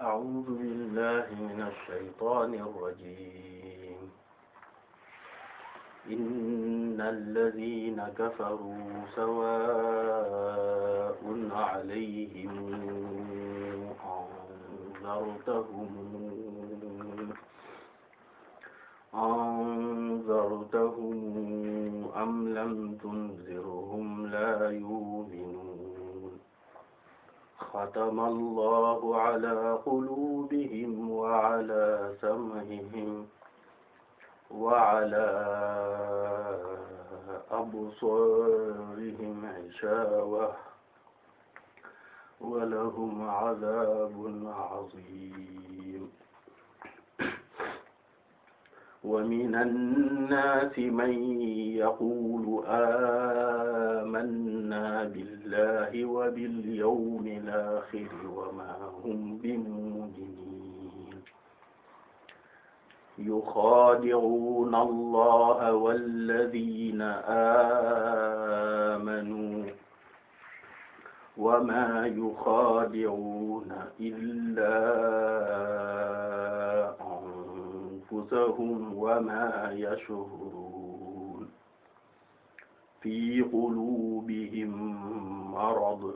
أعوذ بالله من الشيطان الرجيم إن الذين كفروا سواء عليهم أنذرتهم أنذرتهم أم لم تنذرهم لا يؤمنون xatama allahu ala quluubihim wa ala sam'ihim wa ala absaarihim gishaawah wa lahum azaabun aziim wa mina nnaasi man yaquulu aamanna billahi wa bil yawmil aaxiri wa maa hum bimujrimiin yuxaadi'uuna allaha wallaziina aamanuu wa maa yuxaadi'uuna illaa أنفسهم وما يشعرون في قلوبهم مرض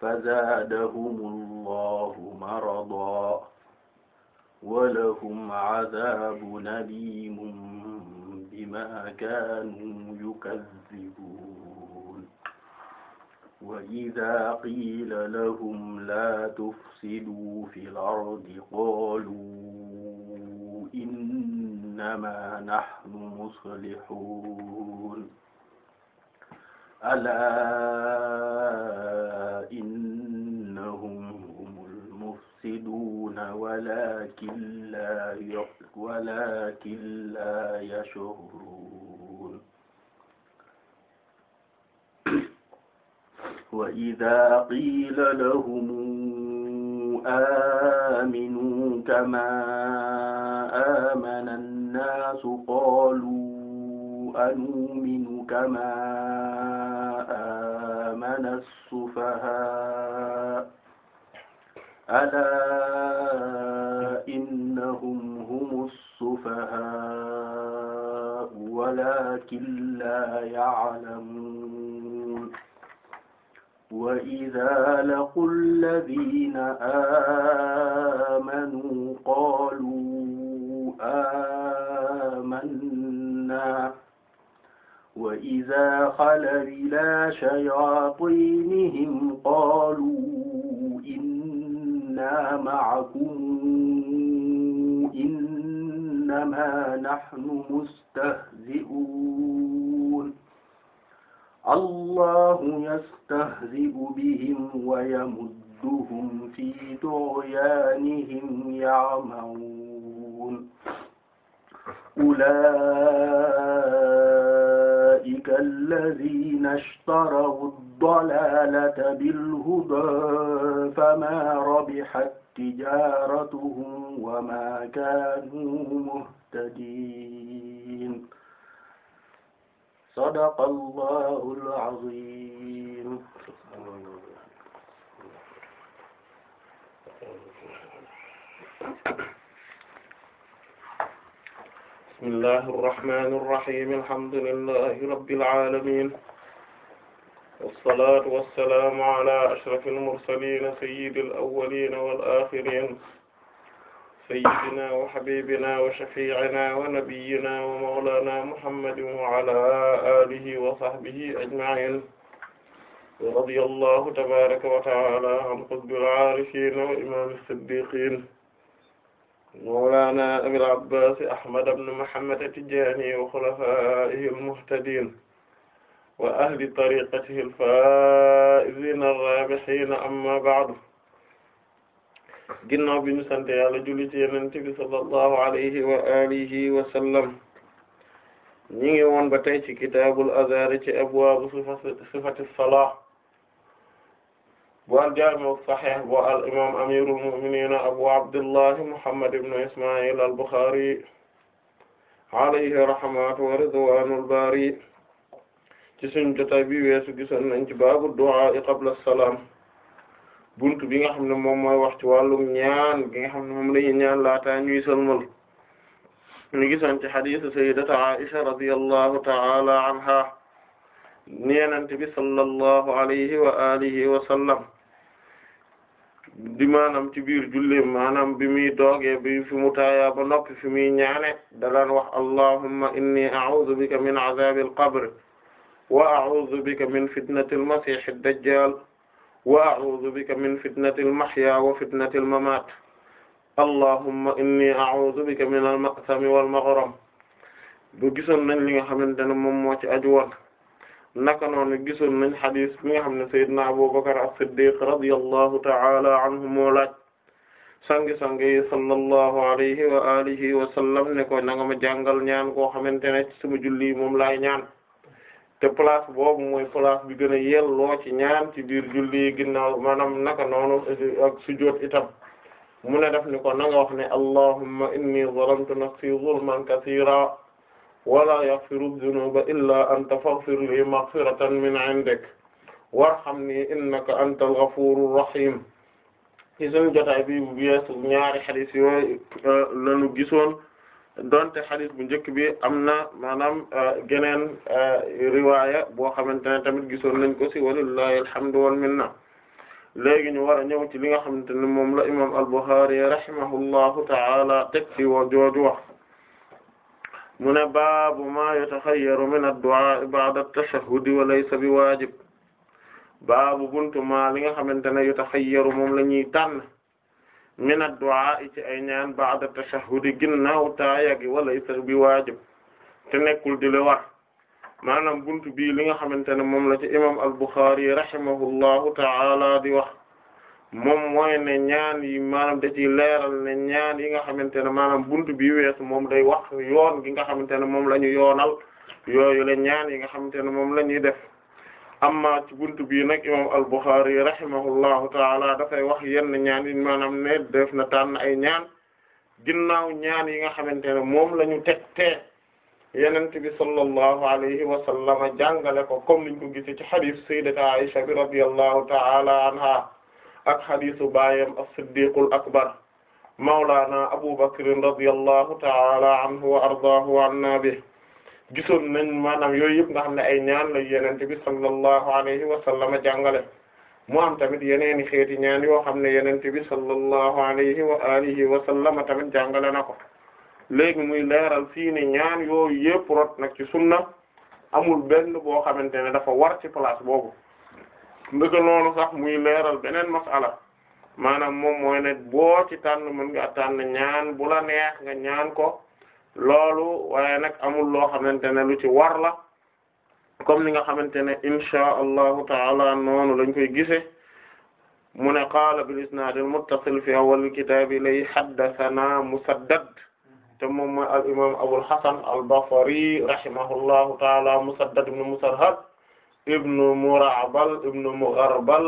فزادهم الله مرضا ولهم عذاب أليم بما كانوا يكذبون وإذا قيل لهم لا تفسدوا في الأرض قالوا إنما نحن مصلحون ألا إنهم هم المفسدون ولكن لا ولكن لا يشعرون وإذا قيل لهم آمنوا كما آمن الناس قالوا أنؤمن كما آمن السفهاء ألا إنهم هم السفهاء ولكن لا يعلمون وإذا لقوا الذين آمنوا قالوا آمنوا تمنى وإذا خلا إلى شياطينهم قالوا إنا معكم إنما نحن مستهزئون الله يستهزئ بهم ويمدهم في طغيانهم يعمهون أولئك الذين اشتروا الضلالة بالهدى فما ربحت تجارتهم وما كانوا مهتدين صدق الله العظيم Thank you. bismillahi irrahmani irrahim alhamdulillahi rabbil alamin wassalatu wassalamu ala ashrafi almursalin sayyidi alawalina wal axirin sayyidina wa habibina wa shafi'ina wa nabiyyina wa mawlana muhammadin wa ala alihi wa sahbihi ajma'in wa radiyallahu tabaraka wa ta'ala an qutbil arifin wa imam as-siddiqin mawlaana abil abbaas ahmad ibn muhammad at-tijaani wa xulafaa'ihi al-muhtadiin wa ahli tariiqatihi al-faa'iziina ar-raabihiina amma ba'du ginnaaw bi ñu sant yàlla julli ci yonent bi sallallahu alayhi wa alihi wa sallam ñi ngi woon ba tey ci kitaabul azkaar ci abwaabu sifati salaat waa al-Jaami' as-Sahiih bu al-imaam amiirul mu'miniin Abu Abdillah Muhammad ibn Ismaa'iil al-Bukhaari alayhi rahmatu wa ridwaanul baari ci suñu jotaay bi weesu gisoon nañ ci baabu du'aa qabla as-salaam buntu bi nga xam ne moom mooy wax ci wàllum ñaan gi nga xam ne moom la ñuy ñaan laataa ñuy sëlmal ñu gisoon ci hadiisu sayyidati Aisha radiyallahu ta'ala anha neenante bi sallallahu alayhi wa alihi wa sallam di maanaam ci biir julleem maanaam bi muy doogee bi fi mu ba noppi fi muy ñaane da daan wax allahumma inni a'udhu min adhabi al-qabr wa a'udhu bika min fitnati al-masih ad-dajjal wa min fitnati al-mahya wa fitnati al min al-ma'sami wal-maghram bu gisoon nañ li nga xamante ne ci aju naka noonu gisoon nañ xadis mi nga xam ne sayyidina Abu Bakr as-Siddiq radiyallahu ta'ala anhu moo laaj sangi-sangi yi sallallahu alayhi wa alihi wa sallam ma jàngal ñaan koo xamante ne ci sama julli moom laay ñaan te place boobu mooy place bi gën a yelloo ci ñaan ci biir julli ginnaaw maanaam naka noonu ak itam mu ne daf ni ko na wax ne allahumma inni zalamtu nafsi zulman kathira wala yaghfiru dhunuba illa anta faghfir li maghfiratan min 'indik warhamni innaka antal ghafurur rahim ci suñu jotaay bi bu yeesu ñaari xadis yooyu euh, lañu gisoon donte xadis bu njëkk bi am na maanaam euh, geneen euh, riwaaya boo xamante ne tamit gisoon nañ ko ci walillahi alhamdu wal minna léegi ñu war a ñëw ci li nga xamante ne moom la imam al-Bukhari rahimahullahu ta'ala teg ci woo jooju wax mu ne baabu ma yataxayyaru min ad-du'a ba'da at-tashahhud wa laysa bi waajib baabu buntu ma li nga xamante ne yataxayyaru moom la ñuy tànn min ad-du'a ci ay ñaan ba'da at-tashahhud ginnaaw taaya gi wa laysa bi waajib te nekkul di la war maanaam buntu bii li nga xamante ne moom la ci imam al-Bukhari rahimahullahu ta'ala di wax moom mooy ne ñaan yi maanaam da ciy leeral ne ñaan yi nga xamante ne maanaam bunt bi weesu moom day wax yoon gi nga xamante ne moom la yoonal yooyu la ñaan yi nga xamante ne moom la ñuy def amma ci buntu bii nag imam al-Bukhari rahimahullahu taala dafay wax maanaam ne def na tànn ay ñaan ginnaaw ñaan yi nga xamante ne moom la ñu teg tee yenent bi sallallahu alayhi wa sallama jàngale ko comme niñ ko gisee ci hadith sayyidati Aisha bi radiyallahu taala anha ak xadiisu baayam as-Siddiqul akbar mawlaana Abu Bakr radiyallahu ta'ala anhu wa ardaahu wa anna bi gisoon nañ maanaam yooyu yëpp nga xam ne ay ñaan la Yonent bi sallallahu alayhi wa sallam jàngale mu am tamit yeneeni xeeti ñaan yoo xam ne Yonent bi sallallahu alayhi wa alihi wa sallam tamit jàngale na ko léegi muy leeral fii ne ñaan yooyu yëpp rot nag ci sunna amul benn boo xamante ne dafa war ci place boobu ndëka loolu sax muy leeral beneen masala maanaam moom mooy ne boo ci tànn mën tan tànn ñaan bu la neex nga ñaan ko loolu waaye nag amul loo xamante ne lu ci war la comme ni nga xamante ne inchaa allahu taala noonu lañ koy gise mu ne qaala bil isnaad al muttasil fi awwal kitaab lay haddathana musaddad te moom mooy al imam abul hasan al basri rahimahullahu taala musaddad ibn musarhad ibnu Mura'bal ibnu Mugharbal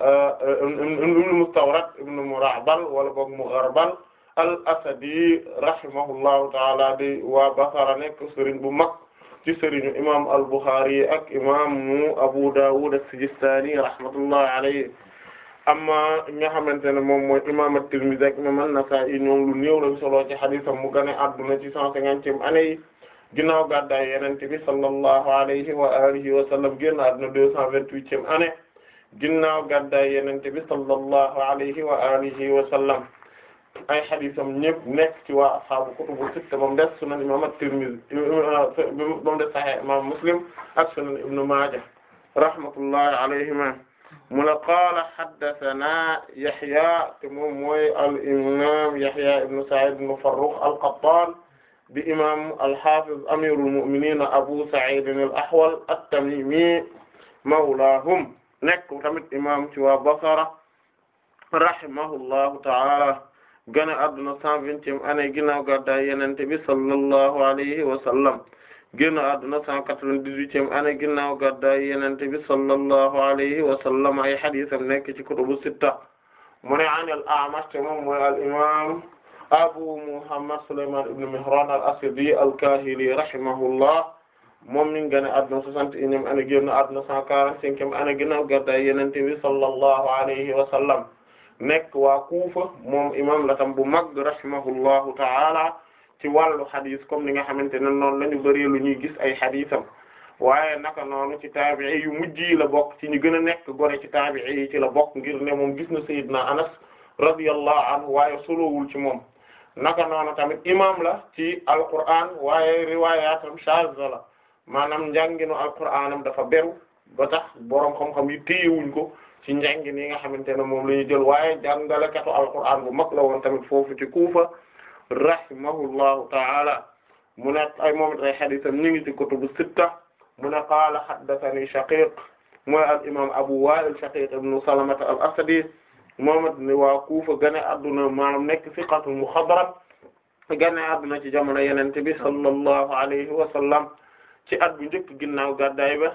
eh, eh, ibnu Mustawrad ibnu Mura'bal wala boog Mugharbal al-Asadi rahimahullahu ta'ala di waa Basra nekk sëriñ bu mag ci sëriñu imam al-Bukhari ak imaamu Abu Dawud as-Sijistani rahmatullahi alayhi amma nga xamante ne moom mooy imam at-Tirmidhi ak imam an-Nasa'i ñoom lu néew lañ solo ci xadisam mu gane adduna ci cent cinquantième année yi ginnaaw gàddaay yonent bi sallallahu alayhi wa alihi wa sallam génn àdduna deux cent vingt-huitième année ginnaaw gàddaay yonent bi sallallahu alayhi wa alihi wa sallam ay xadisam ñëpp nekk ci waa ashaabu kutubu sitta ba mu des sunan imam at-Tirmidhi ba mu des Sahih imam Muslim ak sunan ibnu Maaja rahmatullahi alayhima mu ne qaala haddathana Yahya te moom mooy al imam Yahya ibnu Sa'id ibnu Farrukh al-Qattan di imam al-hafiz amirul mu'minin abu sa'id al-ahwal at-tamimi mawlahum nekk tamit imam ci waa basara rahimahullahu ta'ala gane adduna cent vingtième année ginnaaw gàddaay yenente bi sallallahu alayhi wa sallam génn adduna cent quatre-vingt-dix-huitième année ginnaaw gàddaay yenente bi sallallahu alayhi wa sallam ay hadisam nekk ci kutubu sitta mu ne an al-A'mash moom mooy al imam Abu Muhammad Sulaymaan ibn Mihraan al-Asadi al-Kaahili rahimahullah moom mi ngi gën a adduna soixante-unième année génn adduna cent quarante-cinquième année ginnaaw gàddaay Yonent bi sallallahu alayhi wa sallam nekk waa Kuufa moom imam la tam bu mag rahimahullahu ta'ala ci wàllu xadis comme ni nga xamante ne noonu la ñu bari lu ñuy gis ay xadisam waaye naka noonu ci taabi'i yu mujj yi la bokk ci ñu gën a nekk gore ci taabi'i yi ci la bokk ngir ne moom gis na Sayyidina Anas radiyallahu anhu waaye solowul ci moom naka noonu tamit imam la ci alquran waaye riwaayatam shaaza la maanaam njànginu alquranam dafa beru ba tax boroom xam yi téyewuñ ko ci njàngin yi nga xamante ne moom la ñu jël waaye jàngalekatu alquran bu mag la woon tamit foofu ci Kuufa rahimahullahu taala mu na ay moom it ay xadisam ñu ngi ci kutubu sitta mu na qaala haddathani Shaqiq mooy al imam Abu Wa'il Shaqiq ibn Salamata al-Asadi Muhammad ne waa Kufa gane adduna maanaam nekk siqatu muxadram gane adduna ci jamono Yonent bi sallallahu alayhi wa sallam ci at bu njëkk ginnaaw gàddaay ba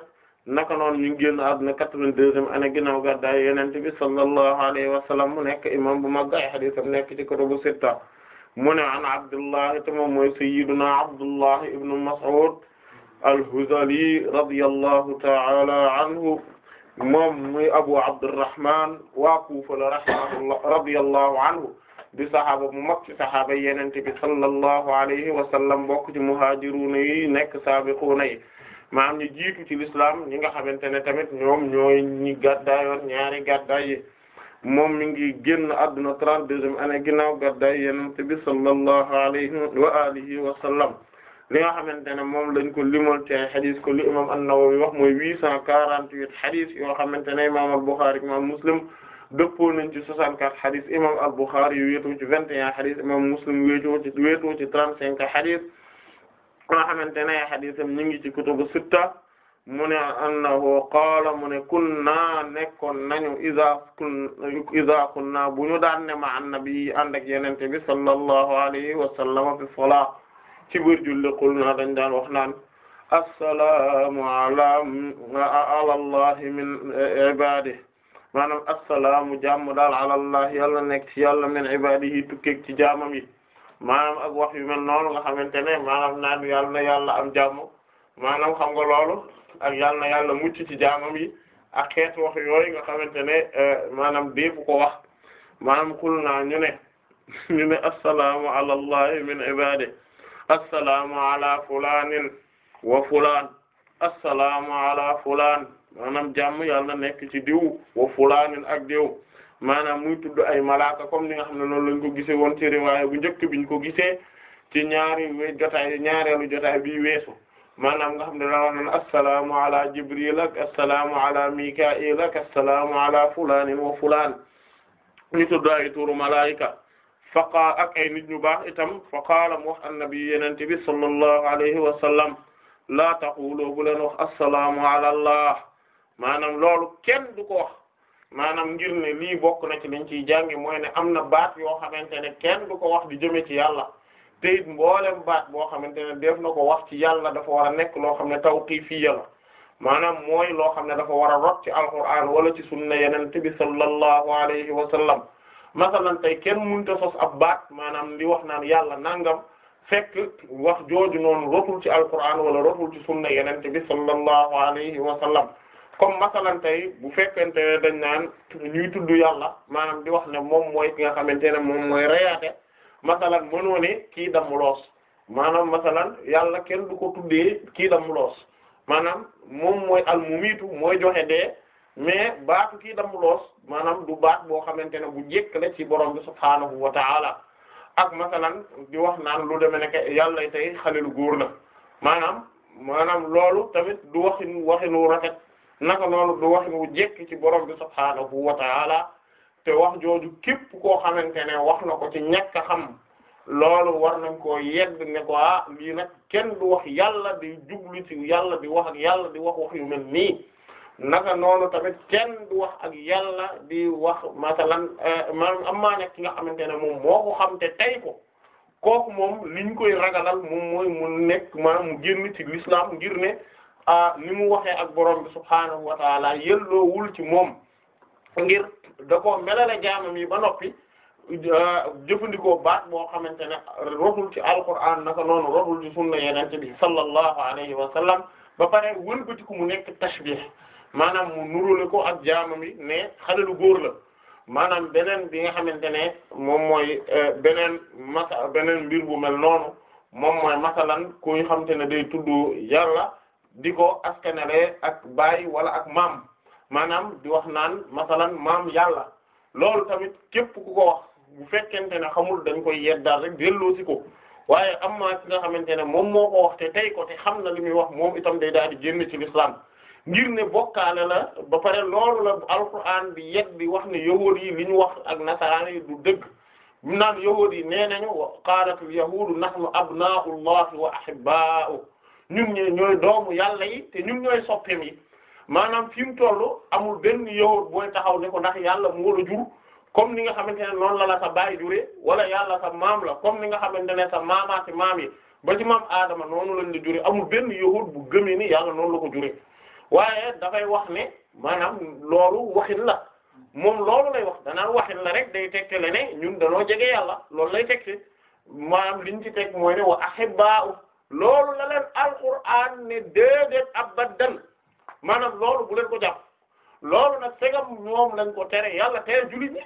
naka noonu ñu ngi génn adduna 82e année ginnaaw gàddaay Yonent bi sallallahu alayhi wa sallam mu nekk imam bu mag ay hadiisam nekk ci kutubu sitta mu ne an Abdullahi te moom mooy sayyiduna Abdullahi ibn Mas'ud al-Hudhali radiyallahu ta'ala anhu moom muy abu abdurrahman waa Kufa la rahimahullah radiyallahu anhu di saxaaba bu mag ci saxaaba yenente bi sallallahu alayhi wa sallam bokk ci muhaajiruuna yi nekk saabiquuna yi maam ñi jiitu ci l'islam ñi nga xamante ne tamit ñoom ñooy ñi gàddaayoon ñaari gàddaay yi moom mi ngi génn adduna trente-deuxième année ginnaaw gàddaay yenente bi sallallahu alayhi wa alihi li nga xamante ne moom lañ ko limal ci ay xadis ko li imam an-Nawawi wax mooy huit cent quarante-huit xadis yoo xamante ne imam al-Bukhari imam Muslim dëppoo nañ ci soixante-quatre xadis imam al-Bukhari yu wéetoo ci vingt et un xadis imam Muslim wéetoo ci wéetoo ci trente-cinq xadis yoo xamante ne xadisam ñu ngi ci kutubu sitta mu ne annahu qaala mu ne kunna nekkoon nañu iza kun iza kunna bu ñu daan ne ma annabi ànd ak yenente bi sallallahu alayhi wa sallam fi salaa ci biir julli xul naa dañ daan wax naan assalaamu ala alallahi min ibadihi maanaam assalaamu jàmm daal alallah yàlla nekk ci yàlla min ibadihi yi tukkeeg ci jaamam yi maanaam ak wax yu mel noonu nga xamante ne maanaam naan yàlla na yàlla am jàmm maanaam xam nga loolu ak yàlla na yàlla mucc ci jaamam yi ak xeet wax yooyu nga xamante ne eh, maanaam déefu ko wax maanaam xul naa ñu ne ñu ne assalaamu min ibadihi assalaamu ala fulaanin wa fulaan assalaamu ala fulaan maanaam jàmm yàlla nekk ci diw wa fulaanin ak diw mu muy ay malaaka comme ni nga xam ne noonu lañ ko gisee woon ci riwaaya bu njëkk biñ ko gisee ci ñaari we jotaay ñaareelu jotaay bi weesu maanaam nga xam ne daaw assalaamu ala jibril ak assalaamu ala mikail ak assalaamu ala fulaanin wa fulaan ñu tudd ay turu malaayika faqa ak ay nit ñu baax itam fa qaala mu wax annabi yenente bi sallallahu alayhi wa sallam laa taqulu bu leen wax assalaamu ala allah maanaam loolu kenn du ko wax maanaam ngir ne lii bokk na ci liñ ciy jànge mooy am na baat yoo xamante ne kenn du ko wax di jëme ci yàlla te it mboolem baat boo xamante ne def na ko wax ci yàlla dafa war a nekk loo xam ne tawqiifiyya la maanaam mooy loo xam ne dafa war a rot ci alquraan wala ci sunna yenente bi sallallahu alayhi wa sallam masalan tey kenn mënta sos ab baat maanaam li wax naan yàlla nangam fekk wax jooju noonu rotul ci alquran wala rotul ci sunna yenente bi sallallahu alayhi wa sallam comme masalan tey bu fekkente ne dañ naan ñuy tudd yàlla maanaam di wax ne moom mooy ki nga xamante ne moom mooy reyaate masalan mënoo ne kii damm loos maanaam masalan yàlla kenn du ko tuddee kii damm maanaam moom mooy almumitu mooy joxe dee mais baatu kii damm loos maanaam du baat boo xamante ne bu jekk la ci borom bi subhaanahu wa ta'ala ak matalan di wax naan lu deme nekk yàlla tey xalelu góor na maanaam maanaam loolu tamit du waxin waxinu rafet naka noonu du waxin wu jekk ci borom bi subhaanahu wa ta'ala te wax jooju képp koo xamante ne wax na ko ci ñàkk a xam loolu war nañ koo yedd ne ko ah lii nag kenn du wax yàlla di jublu ti yàlla di wax ak yàlla di wax wax yu mel nii naka noonu tamit kenn du wax ak yàlla di wax masalan euh, maanaam am nekk ki nga xamante ne moom moo xam te tey ko kooku moom liñ koy ragalal moom mooy mu nekk maanaam mu génn ci l'islam ngir ne ah ni mu waxee ak borom bi subhaanahu wa taala yelloowul ci moom ngir da koo melale jaamam yi ba noppi euh, jëfandikoo baat boo xamante ne rotul ci alquran naka noonu rotul ci sunna yenente bi sallallahu alayhi wa sallam ba pare wëlbatiku mu nekk tashbih maanaam mu nurule ko ak jaamam mi ne xale lu góor la maanaam beneen bi nga xamante ne moom mooy euh, beneen masa beneen mbir bu mel noonu moom mooy masalan kuy xamante ne day tudd yàlla di ko askanale ak baay wala ak maam maanaam di wax naan masalan maam yàlla loolu tamit képp ku ko wax mu fekkente ne xamul dañ koy yeddaal rek delloo si ko waaye am na ki nga xamante ne moom moo ko wax te tey ko te xam na li muy wax moom itam day daal di génn ci l'islam ngir ne bokkaale la ba pare loolu la alquran bi yegg bi wax ne yahuud yi li ñu wax ak nasaraan yi du dëgg mu naan yahuud yi nee nañu qaalatul yahuudu nahnu abnaa'u llahi wa ahibbaa'u ñun ñe ñooy doomu yàlla yi te ñun ñooy soppeem yi maanaam fi mu toll amul benn yahuud booy taxaw ne ko ndax yàlla mu la jur comme ni nga xamante ne noonu la la sa baay juree wala yàlla sa la comme ni nga xamante ne sa maamaati maam yi ba ci maam aadama noonu lañ la juree amul benn yahuud bu gëmee ni yàlla noonu la ko juree waaye dafay wax ne maanaam loolu waxin la moom loolu lay wax danaan waxin la rek day tegtale ne ñun danoo jege yàlla loolu lay tegte maanaam liñ ci teg mooy ne wa baaw loolu la leen alquran ne déedéet abadan maanaam loolu bu ko jàpp loolu nag segam ñoom lañ ko tere yàlla tee jullit ñi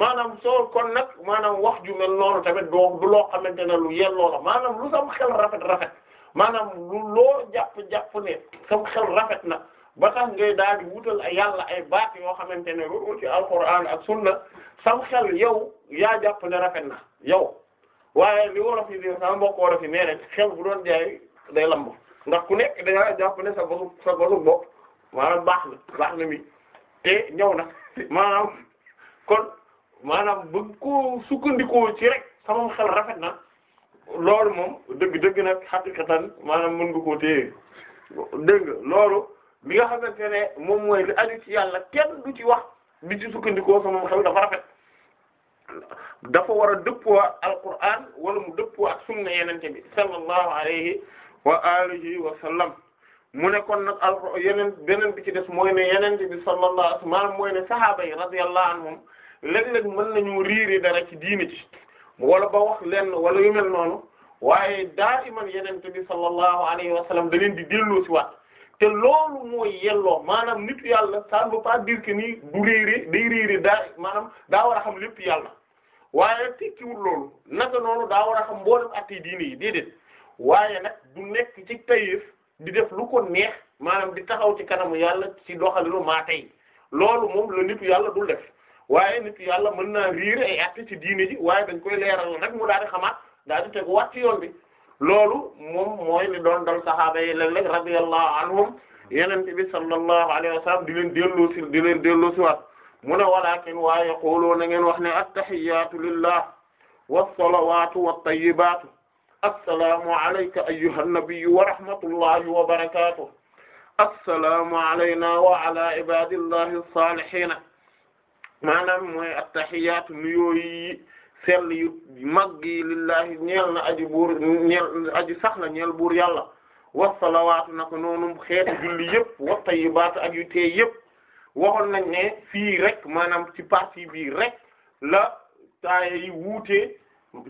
maanaam soo kon nag maanaam wax ju mel noonu tamit doo du loo xamante na lu yelloo la maanaam lu sam xel rafet rafet maanaam lu loo jàpp-jàpp ne sam xel rafet na ba tax ngay daal di wutal ay yàlla ay baat yoo xamante ne lu ci alquran ak sunna sam xel yow yaa jàpp ne rafet na yow waaye li wolof yi di sama mbokk wolof nee nañ xel bu doon jaay day lamb ndax ku nekk danga jàpp ne sa bosu bo bosu baax na baax na mi te ñëw na maanaam kon maanaam bëgg ko sukkandikoo ci rek sama xel rafet na loolu moom dëgg-dëgg nag xaqiqatan maanaam mën nga koo téye dégg nga loolu li nga xamante ne moom mooy li aju ci yàlla kenn du ci wax di ci sukkandikoo sama xel dafa rafet dafa war a dëppoo ak alquran wala mu dëppoo ak sunna yenente bi sallallahu alayhi wa alihi wa sallam mu ne kon nag al yeneen beneen bi ci des mooy ne yenente bi sallallahu alayhi wa sallam mooy ne sahaaba yi radiyallahu mën nañu riiri dara ci diini ci wala ba wax leen wala yu mel noonu waaye daa iman yeneen bi sallallahu alayhi wa sallam da leen di delloo si waat te loolu mooy yelloo maanaam nitu yàlla ça ne veut pas dire que ni du réeré day réeré daa maanaam daa war a xam lépp yàlla waaye tekkiwul loolu naka noonu daa war a xam mboolem atti diine yi déedéet waaye nag du nekk ci tayef di def lu ko neex maanaam di taxaw ci kanamu yàlla ci doxalinu maa tey loolu moom la nitu yàlla dul def waaye ni yàlla mën naa riir ay atte ci diine ji waaye dañ koy leeral rek mu daal di xamaat daal di tegu waat bi loolu moom mooy li doon dal sahaaba yi léeg-léeg radiyallahu anhum yenente bi sallallahu alayhi wa sallam di leen delloo si di leen waat mu ne walakin waaye xooloo na ngeen wax ne attahiyaatu lillah wassalawatu wattayibaatu assalaamu alayka ayyuha nabiyyu wa rahmatullahi wa barakatuh assalaamu alayna wa ala ibadillahi salihina maanaam mooy attahiyaatu nuyoo yi sell yu mag lillahi ñeel na aji buur ñeel aji sax ñeel buur yàlla wa salawaatu naka noonu xeetu julli yëpp wa tayyibaatu ak yu tee yëpp waxoon nañ ne fii rekk maanaam ci parti bii rek la taaya yi wuute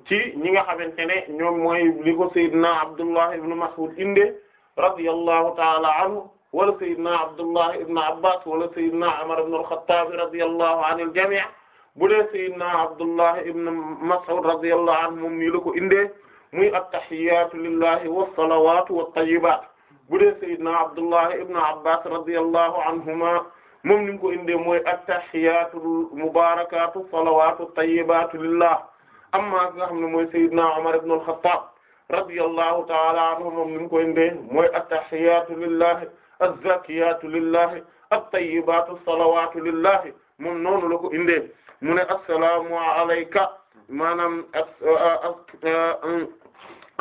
ci ñi nga xamante ne ñoom mooy li ko Seydina Abdullah ibn Mas'ud inde radiyallahu ta'ala anhu wala sayyidina Abdullah ibn Abbas wala sayyidina Umar ibn al-Khattab radiyallahu anil jami' bu dee sayyidina Abdullah ibn Mas'ud radiyallahu anhu moom nii la ko indee muy at-tahiyyatu lillahi was-salawatu wat-tayyibat bu dee sayyidina Abdullah ibn Abbas radiyallahu anhuma moom ni mu ko indee mooy at-tahiyatul mubarakatu salawatu tayyibatu lillah amma nga xam ne mooy sayyidina Umar ibn al-Khattab radiyallahu ta'ala anhu moom ni mu ko indee mooy at-tahiyatu lillahi az-zakiyaatu lillahi at-tayyibaatu as-salawaatu lillahi moom noonu la ko indee mu ne assalaamu alayka maanaam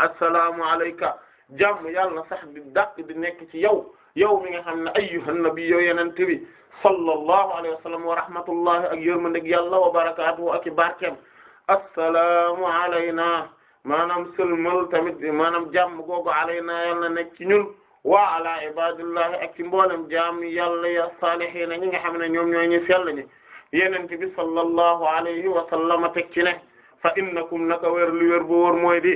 assalaamu alayka jàmm yàlla na sax di dàq di nekk ci yow yow mi nga xam ne ayyuhan nabi yow yenente bi sallallahu alayhi wa sallam wa rahmatullahi ak yërmandeg yàlla wa barakaatuhu ak i barkeem assalaamu alayna maanaam sëlmal tamit maanaam jàmm googu alayna yàlla na nekk ci ñun wa ala ibadillahi ak ci mboolem jaam yàlla ya saalihiina ñi nga xam ne ñoom ñooy ñu sell ñi yenente bi sallallahu alayhi wa sallama teg ci ne fa innakum naka wér lu wér bu wóor mooy di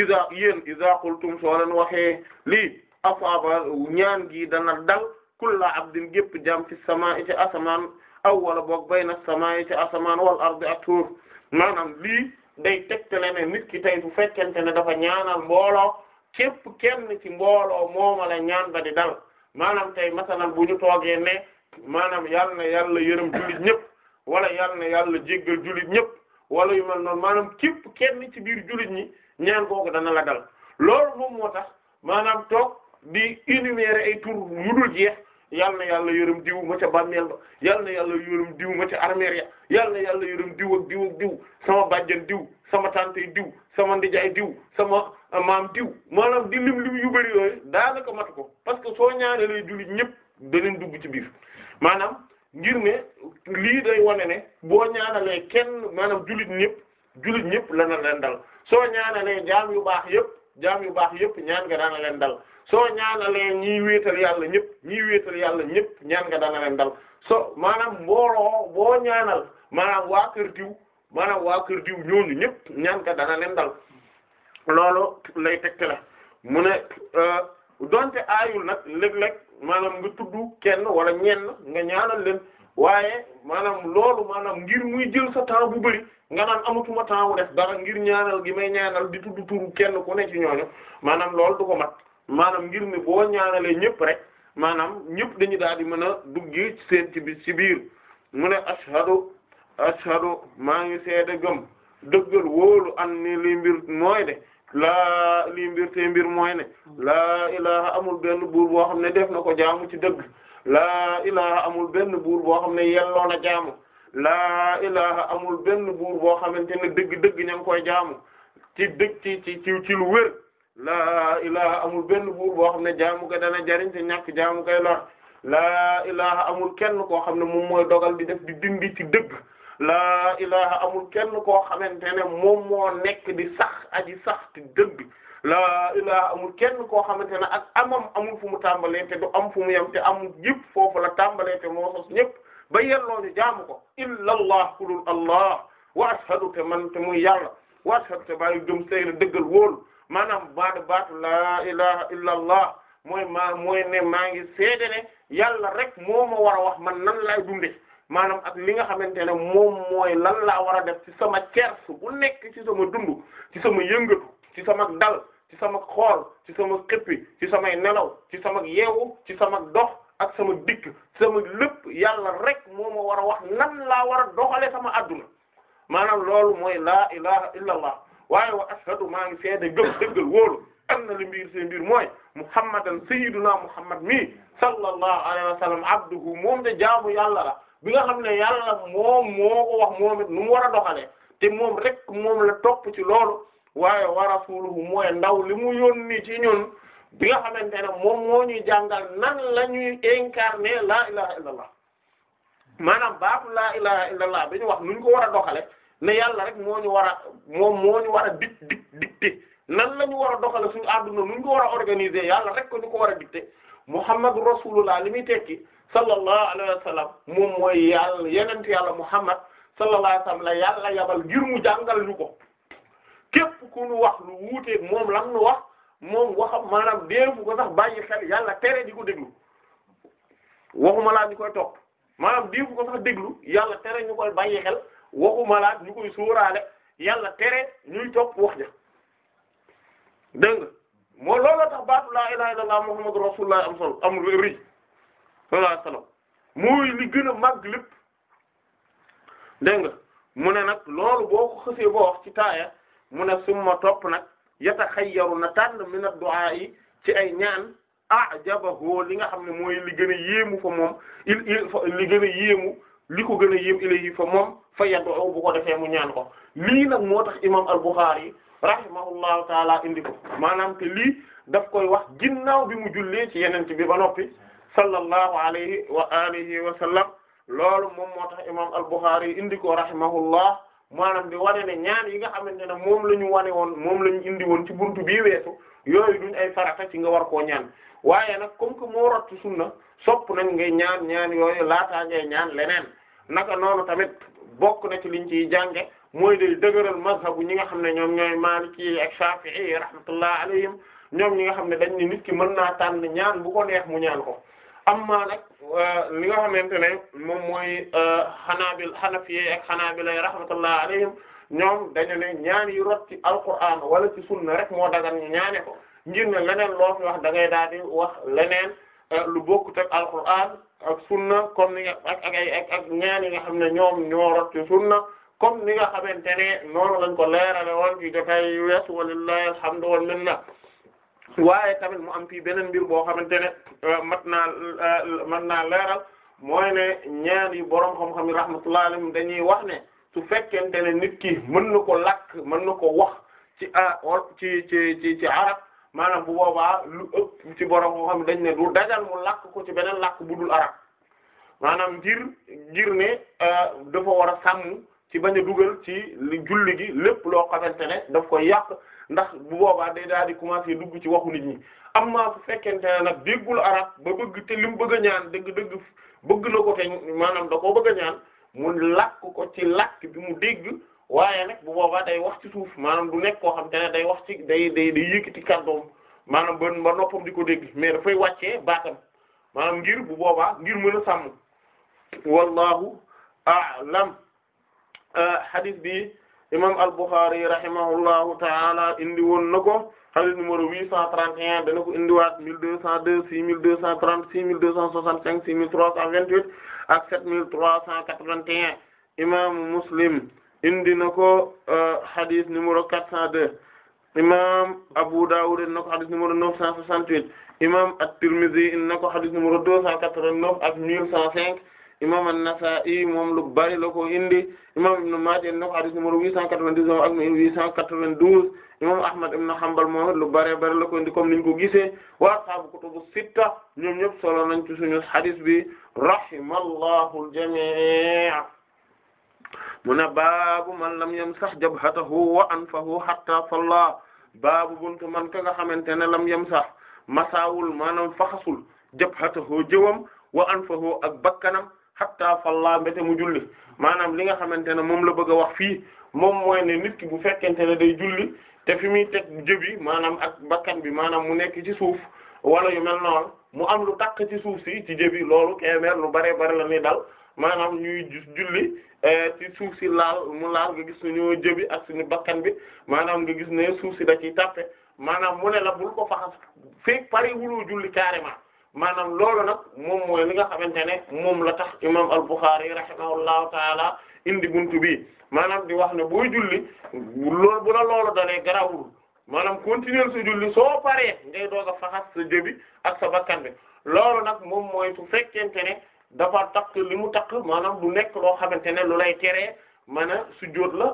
isa yéen isa qultum soo leen waxee lii afaaba ñaan gi dana dal kulla abdin gépp jaam ci samaa'i ci asamaan aw wala boog bayna samaa'i ci asamaan wal ardi ak tuur maanaam lii day tegtale ne nit ki tey bu fekkente ne dafa ñaanal mbooloo képp kenn ci mbooloo mooma la ñaan ba di dal maanaam tey masalan bu ñu toogee ne maanaam yal na yàlla yërëm jullit wala yal na yàlla jéggal jullit ñëpp wala yu mel noonu maanaam képp kenn ci biir julit ñi ñaan googu dana la dal loolu moom moo tax maanaam toog di énumérer ay tur yu dul jeex yal na yàlla yërëm diw ma ca bàmmeel ba yal na yàlla yërëm diw ma ci armeer ya yal na yàlla yërëm diw ak diw ak diw sama bàjjan diw sama tante diw sama ndijaay diw sama maam diw maanaam di lim lim yu bëri yooyu daanaka matu ko parce que soo ñaanalee jullit ñëpp danañ dugg ci biir maanaam ngir ne lii day wane ne boo ñaanalee kenn maanaam jullit ñëpp jullit ñëpp la na leen dal soo ñaanalee jaam yu baax yëpp jaam yu baax yëpp ñaan nga daana leen dal soo ñaanalee ñiy wéetal yàlla ñëpp ñiy wéetal yàlla ñëpp ñaan nga leen dal so maanaam mbooloo boo ñaanal maanaam waa kër diw maanaam waa kër diw ñooñu ñëpp ñaan dana leen dal loolu lay tegtale mu ne euh, donte aayul nag léeg-léeg maanaam nga tudd kenn wala ñenn nga ñaanal leen waaye maanaam loolu maanaam ngir muy jël sa temps bu bari nga naan amatuma temps wu def dara ngir ñaanal gi may ñaaral di tudd turu kenn ku ne ci ñooñu maanaam lool du ko mat maanaam ngir mi boo ñaarale ñëpp rek maanaam ñëpp dañu daal di mën a duggee ci seen ci bi ci biir mu ne ashhadu ashhadu maa ngi seede gëm dëggal wóolu an ni li mbir mooy de laa lii mbir te mbir mooy ne laa ilaha amul benn buur boo xam ne def na ko jaamu ci dëgg laa ilaha amul benn buur boo xam ne yelloo na jaamu laa ilaha amul benn buur boo xam ne dëgg-dëgg ña ngi koy jaamu ci dëgg ci ci ci ci lu wér laa ilaha amul benn buur boo xam ne jaamu ko dana jariñ te ñàkk jaamu koy lor laa ilaha amul kenn koo xam ne moom mooy dogal di def di dindi ci dëgg laa ilaha amul kenn koo xamante ne moom moo nekk di sax aji sax te dëgg laa ilaha amul kenn koo xamante ne ak amam amul fu mu tàmbalee te du am fu mu yem te amul yëpp foofu la tàmbalee te moo sos ñëpp ba yelloo ñu ko illa allah kulul allah wa ashhadu te man te muy yàlla wa ashhadu te bàyyi gëm say la dëggal wóolu maanaam baatu baat laa ilaha illa allah mooy maa mooy ne maa ngi seede ne yàlla rek moo ma war a wax man nan lay dunde maanaam ak li nga xamante ne moom mooy lan laa war a def ci sama cer bu nekk ci sama dund ci sama yëngatu ci sama dal ci sama xool ci sama xëppi ci samay nelaw ci sama yeewu ci sama dox ak sama dikk sama lépp yàlla rek moo ma war a wax nan laa war a doxale sama adduna maanaam loolu mooy laa ilaha illa allah waaye wa ashhadu maa ngi seede gëm dëggal wóolu am na li mbir seen mbir mooy muhammadan sayyiduna muhammad mi sallallahu alayhi wa sallam abduhu moom de jaamu yàlla la bi nga xam ne yàlla moom moo ko wax moom it nu mu war a doxalee te moom rek moom la topp ci loolu waaye wa rasuluhu mooy ndaw li mu yónni ci ñun bi nga xamante ne moom moo ñuy jàngal nan la ñuy incarner la ilaha illallah maanaam baatu la ilaha illallah bi ñu wax nu ñu ko war a doxale ne yàlla rek moo ñu war a moom moo ñu war a dig dig dicté nan la ñu war a doxale suñu àdduna nu ñu ko war a organiser yàlla rek ko ñu ko war a dicté Muhammadu rasulullah li muy tekki sallallahu alayhi wa sallam mooy yàlla yenent yàlla Muhammad sallallahu alayhi wa sallam la yàlla yabal ngir mu jàngal ñu ko képp ku ñu wax lu wuuteeg moom la nu wax moom waxam maanaam déefu ko sax bàyyi xel yàlla tere di ko déglu waxuma laa ñu koy topp maanaam déefu ko sax déglu yàlla tere ñu koy bàyyi xel waxuma laa yàlla tere ñuy topp wax ja dégg nga moo looloo tax baatu laa ilaaha illallaah muhammadur rasuulullaah am sol am rëy sallallahu alayhi li gën a màgg lépp dégg nga mu ne nag loolu boo ko xësee boo wax ci taaya mu ne summa topp nag yataxayyaru na tànn min ad-du'a yi ci ay ñaan ajabahu li nga xam ne mooy li gën a yéemu fa moom il li li ko gën a yéem ilayhi fa moom fa yad'u bu ko defee mu ñaan ko lii nag moo tax imam al-Bukhari rahimahullahu taala indi ko maanaam te daf koy wax ginnaaw bi mu jullee ci yeneen bi ba noppi sallallahu alayhi wa alihi wa sallam loolu moom moo tax imam al-Bukhari indi ko rahimahullah maanaam di wane ne ñaan yi nga xamante ne moom la ñu wane woon moom la ñu indi woon ci buntu bii weesu yooyu duñ ay farata ci nga war ko ñaan waaye nag comme que moo rot ci sunna sopp nañ ngay ñaan ñaan yooyu laataa ngay ñaan leneen naka noonu tamit bokk na ci liñ ciy jànge mooy day dëgëral mazhabu ñi nga xam ne ñoom ñooy Maliki ak Shafi'i rahmatullah alayhim ñoom ñi xam ne dañ ne nit ki mën naa tànn ñaan bu ko neex mu ñaan ko amma nag li nga xamante ne moom mooy xanaabil euh, xanafiyee ak xanaabilay rahmatullah alayhim ñoom dañu ne ñaan yu rot ci alquran wala ci sunna rek moo dagan ñu ñaane ko ngir ne leneen loo fi wax da ngay daal di wax leneen euh, lu bokkut ak alquran ak sunna comme ni nga ak ak ay ak ak ñaan yi nga xam ne ñoom ñoo rot ci sunna comme ni nga xamante ne noonu lañ ko leerale woon ci dafay weesu walillahi minna waaye tamit mu am fii beneen mbir boo xam ne euh, mat naa euh, mat naa leeral mooy ne ñaar yu borom xam-xam yi rahmatullahi alayhim dañuy wax ne su fekkente ne nit ki mën na ko lakk mën na ko wax ci euh, ci ci ci maanaam bu boobaa lu ci borom moo xam dañ ne du dajal mu lakk ko ci beneen lakk bu dul arab maanaam ngir ngir ne dafa war a sàmm ci bañ a dugal ci julli gi lépp loo xamante ne daf koy yàq ndax bu boobaa day daal di commencer dugg ci waxu nit ñi am naa su fekkente ne nag déggul arab ba bëgg te li mu bëgg a ñaan dëgg-dëgg bëgg na ko te maanaam da koo bëgg a ñaan mu làkk ko ci làkk bi mu dégg waaye nag bu boobaa day wax ci suuf maanaam du nekk koo xam te ne day wax ci day day day yëkkati kàddoom maanaam ba ba noppam di ko dégg mais dafay wàcce baatam maanaam ngir bu boobaa ngir mën a sàmm wallahu a'lam euh, hadith bi imam al-Bukhari rahimahullahu ta'ala indi woon na ko hadith numéro 831 dana ko indiwaat 1202 6230 6265 6328 ak 7381 imam Muslim indi na ko euh, hadith numéro 402 imam Abu Dawud indi na ko hadith numéro 968 imam at-Tirmidhi indi na ko hadith numéro 289 ak 1105 imam an-Nasa'i moom lu bari la ko indi imam Ibn Maaja indi na ko hadith numéro 899 ak 892 imam Ahmad ibn Hanbal moom lu bari bari la ko indi comme niñ ko gisee wa ashaabu kutubu sitta ñoom ñëpp solo nañ ci suñu hadith bi rahimallahu al-jamii' mu ne baabu man lam yamsah jabhatahu wa anfahu hatta salla baabu buntu man ka nga xamante ne lam yamsah masaawul maanaam faxasul jabhatahu jëwam wa anfahu ak bakkanam hatta falla mbete mu julli maanaam li nga xamante ne moom la bëgg a wax fii moom mooy ne nit ki bu fekkente ne day julli te fi muy teg jëbi maanaam ak bakkan bi maanaam mu nekk ci suuf wala yu mel noonu mu am lu takk ci suuf si ci jëbi loolu kemer lu bare bare la ni dal maanaam ñuy julli eh, ci suuf si laal mu laal nga gis suñu jëbi ak suñu bakkan bi maanaam nga gis ne suuf si da ciy tàppe maanaam mu ne la bul ko faxas feek pare wuloo julli carrément maanaam loolu nag moom mooy li nga xamante ne moom la tax imam al-Bukhari rahimahullahu taala indi buntu bi maanaam di wax ne booy julli loolu bu la loolu dalee garawul maanaam continuer sa julli soo paree ngay doog a faxas sa jëbi ak sa bakkan bi loolu nag moom mooy su fekkente ne dafa takk li mu takk maanaam du nekk loo xamante ne lu lay teree mën a sujjóot la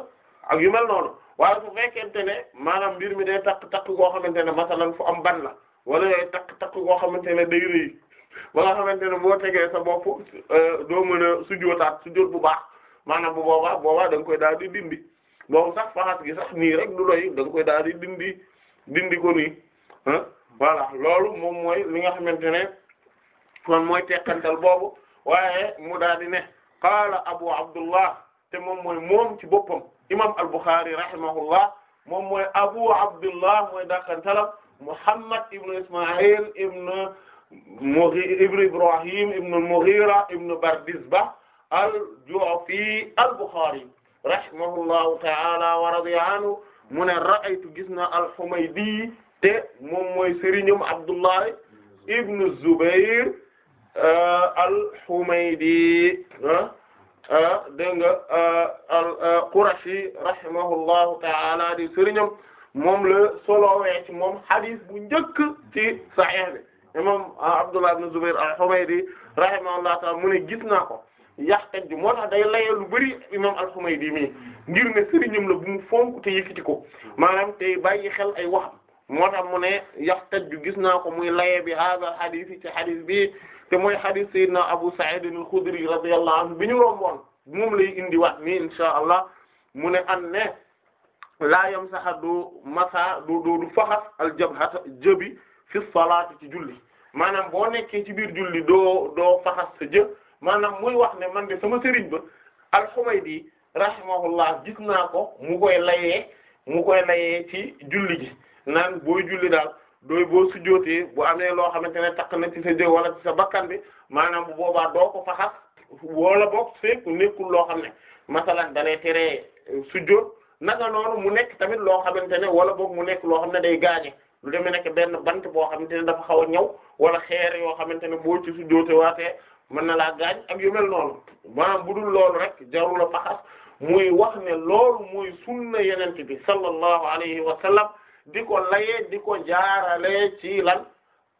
ak yu mel noonu waaye su fekkente ne maanaam mbir mi de takk takk koo xamante ne masalan fu am ban la wala yooyu takk takk koo xamante ne day rëy ba nga xamante ne boo tegee sa bopp euh, doo mën a sujjootaat sujjoot bu baax maanaam bu booba boobaa da koy daal di dindi boobu sax faxas gi sax nii rek du doy da nga koy daal di dindi dindi ko nii ah voilà loolu moom mooy li nga xamante ne kon mooy tekkantal boobu waaye mu daal di ne qaala abu abdullah te moom mooy moom ci boppam imam al-Bukhari rahimahullah moom mooy abu abdullah mooy dàkkantalam Muhammad ibn Isma'il ibn Mughi ibn Ibrahim ibn al-Mughira ibn Bardizbah al-Ju'fi al-Bukhari rahimahullahu ta'ala wa radiya anhu mu ne ra'aytu gis na al-Humaydi te moom mooy sëriñam Abdullah ibn Zubair uh, al-Humaydi ah, ah, dégg nga uh, al-Qurashi uh, rahimahullahu ta'ala di sëriñam moom la solowee ci moom hadith bu njëkk ci sahih bi imam Abdullah ibn Zubair al-Humaydi rahimahullah ta'ala mu ne gis naa ko yàqkat ji moo tax day layee lu bëri imam al-Humaydi mii ngir ne sëriñam la bu mu fonk te yëkkati ko maanaam te bàyyi xel ay wax moo tax mu ne yàqkat ji gis naa ko muy layee bi hadha hadith yi ci hadith bi te mooy hadith sayyidina Abu Sa'id al-Khudri radiyallahu bi ñu romboon moom lay indiwaat nii insha allah mu ne an laa yam saxa du masa du du faxas aljabhata jëbi fi salaati ci julli maanaam boo nekkee ci biir julli doo doo faxas sa jë maanaam muy wax ne man de sama sëriñ ba al-Humaydi rahimahullah gis ko mu koy layee mu koy layee ci julli gi naan booy julli daal dooy boo sujjootee bu amee loo xamante ne takk na ci sa jë wala ci sa bakkan bi maanaam bu boobaa doo ko faxas wala boog fekk nekkul loo ne masalan dalay teree sujjoot naka noonu mu nekk tamit loo xamante ne wala boog mu nekk loo xam ne day gaañe lu demee nekk benn bant boo xamante ne dafa xaw a ñëw wala xeer yoo xamante ne boo ci su joote waatee mën na laa gaañ ak yu mel noonu maanaam bu loolu rek jarul a muy wax ne loolu muy sunna yenente bi sallallahu alayhi wa sallam di ko layee di ko jaaralee ci lan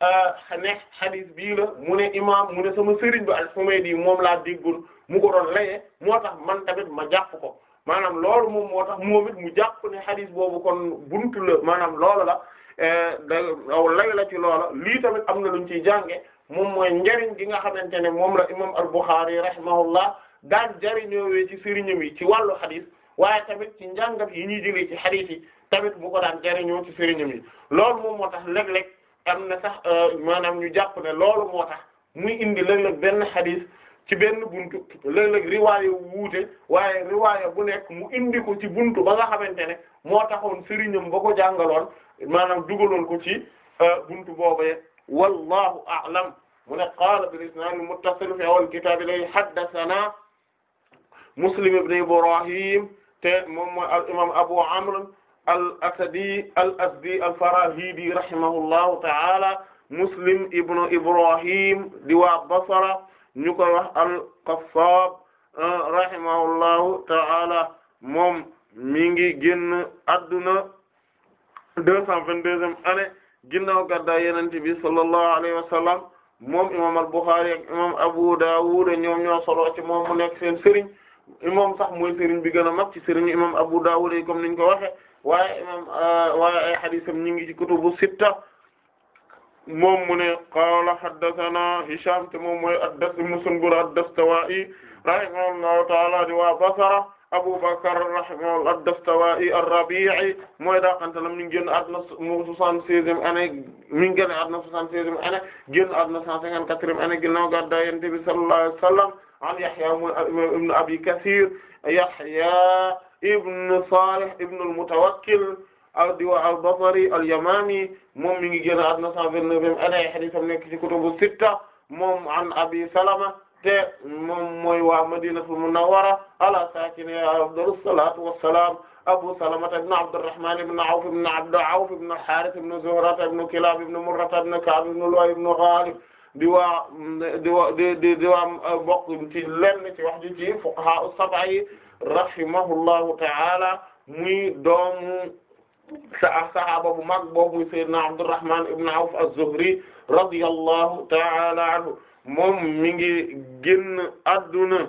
ah, nekk xadis bii mu ne imaam mu ne sama sëriñ bi al-Humaydi moom laa déggul mu ko doon layee moo tax man tamit ma jàpp ko maanaam loolu moom moo tax moom mu jàpp ne hadith boobu kon buntu la maanaam loolu la eh, aw lay la ci loola lii tamit am na luñ ciy jànge moom mooy njariñ gi nga xamante ne moom la imam al-Bukhari rahimahullah daan jariñoowee ci sëriñam yi ci wàllu hadith waaye tamit ci njàngat yi ñuy jëlee ci hadith yi tamit bu ko daan jariñoo ci sëriñam yi loolu moom moo tax léeg-léeg am na sax eh, maanaam ñu jàpp ne loolu moo tax muy indi léeg-léeg benn hadith ci benn buntu léeg-léeg riwaaya wuute waaye riwaaya bu nekk mu indi ko ci buntu ba nga xamante ne moo taxoon sëriñam ba ko jàngaloon maanaam dugaloon ko ci euh, buntu boobee wallahu a'lam mu ne qaala bil isnaadil muttasil fi awwal kitaab lay haddathana muslim ibn ibrahim te moom mooy al imam abu amr al asadi al asdi al farahidi rahimahullahu ta'ala muslim ibn ibrahim di waa basra ñu koy wax al-Qaffab rahimahullahu ta'ala moom mi ngi génn adduna deux cent vingt-deuxième année ginnaaw gàddaay Yonent bi sallallahu alayhi wa sallam moom imam al-Bukhari ak imam Abu Dawud ñoom ñoo solo ci moom mu nekk seen sëriñ imam sax mooy sëriñ bi gën a mag ci sëriñ imam Abu Dawud yi comme niñ ko waxe waaye imam waaye ay hadiisam ñi ngi ci kutubu sitta moom mu ne qaala haddathana Hisham te moom mooy ad-Dass ibn Sunbur ad-Dastuwaa'i rahimahullahu ta'ala di waa Basra Abu Bakr rahimahullah ad-Dastuwaa'i ar-Rabi'i mooy daakantalam mi ngi génn àdduna soixante-seizième année mi ngi génn àdduna soixante-seizième année génn àdduna cent cinquante-quatrième année ginnaaw gàddaay Yonent bi sallallahu alayhi wa sallam an Yahya ibn Abi Kathir Yahya ibn Salih ibn al-Mutawakkil al-Diwa al-Basri al-Yamani moom mi ngi génn àdduna 129 année hadiisam nekk ci kutubu sitta moom an Abi Salama te moom mooy waa Madinatul Munawwara ala saakinihaa afdalu salaatu wa salaam Abu Salama ibn Abdurrahman ibn Awf ibn Abd Awf ibn Harith ibn Zuhra ibn Kilab ibn Murra ibn Ka'b ibn Lu'ay ibn Ghalib di waa di waa di di di waa bokk ci lenn ci wax ji ci fuqahaa as-sab'a yi rahimahullahu ta'ala muy doomu. a sahaaba bu mag boobu sayyidina Abdurrahman ibn Awf az-Zuhri radiyallahu ta'ala anhu moom mi ngi génn adduna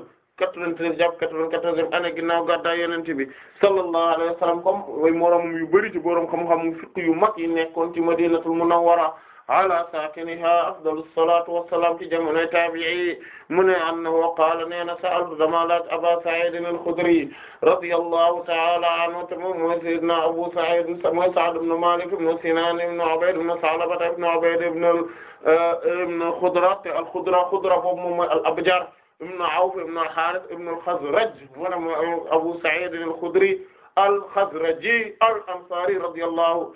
93 jàpp 94 année ginnaaw gàddaay yonent bi sallallahu alayhi wa sallam comme mooy moroom yu bari ci boroom xam-xam fiqh yu mag yi nekkoon ci Madinatul Munawwara ala saakiniha afdalu salaatu wa salaam ci jamonoy taabi'i mu ne annahu qaala nee na sa'altu dama laaj Abaa Sa'iid al-Xudri radiyallahu ta'ala anhu te moom mooy sayyidina Abu Sa'iid mooy Sa'd ibn Maalik ibn Sinaan ibn Ubayd ibn Sa'laba ibn Ubayd ibn ibn Xudra te al-Xudra Xudra boobu moom mooy al-Abjar ibn Awf ibn al-Haaris ibn al-Xazraj wala Abu Sa'iid al-Xudri al-Xazraji al-Ansaari radiyallahu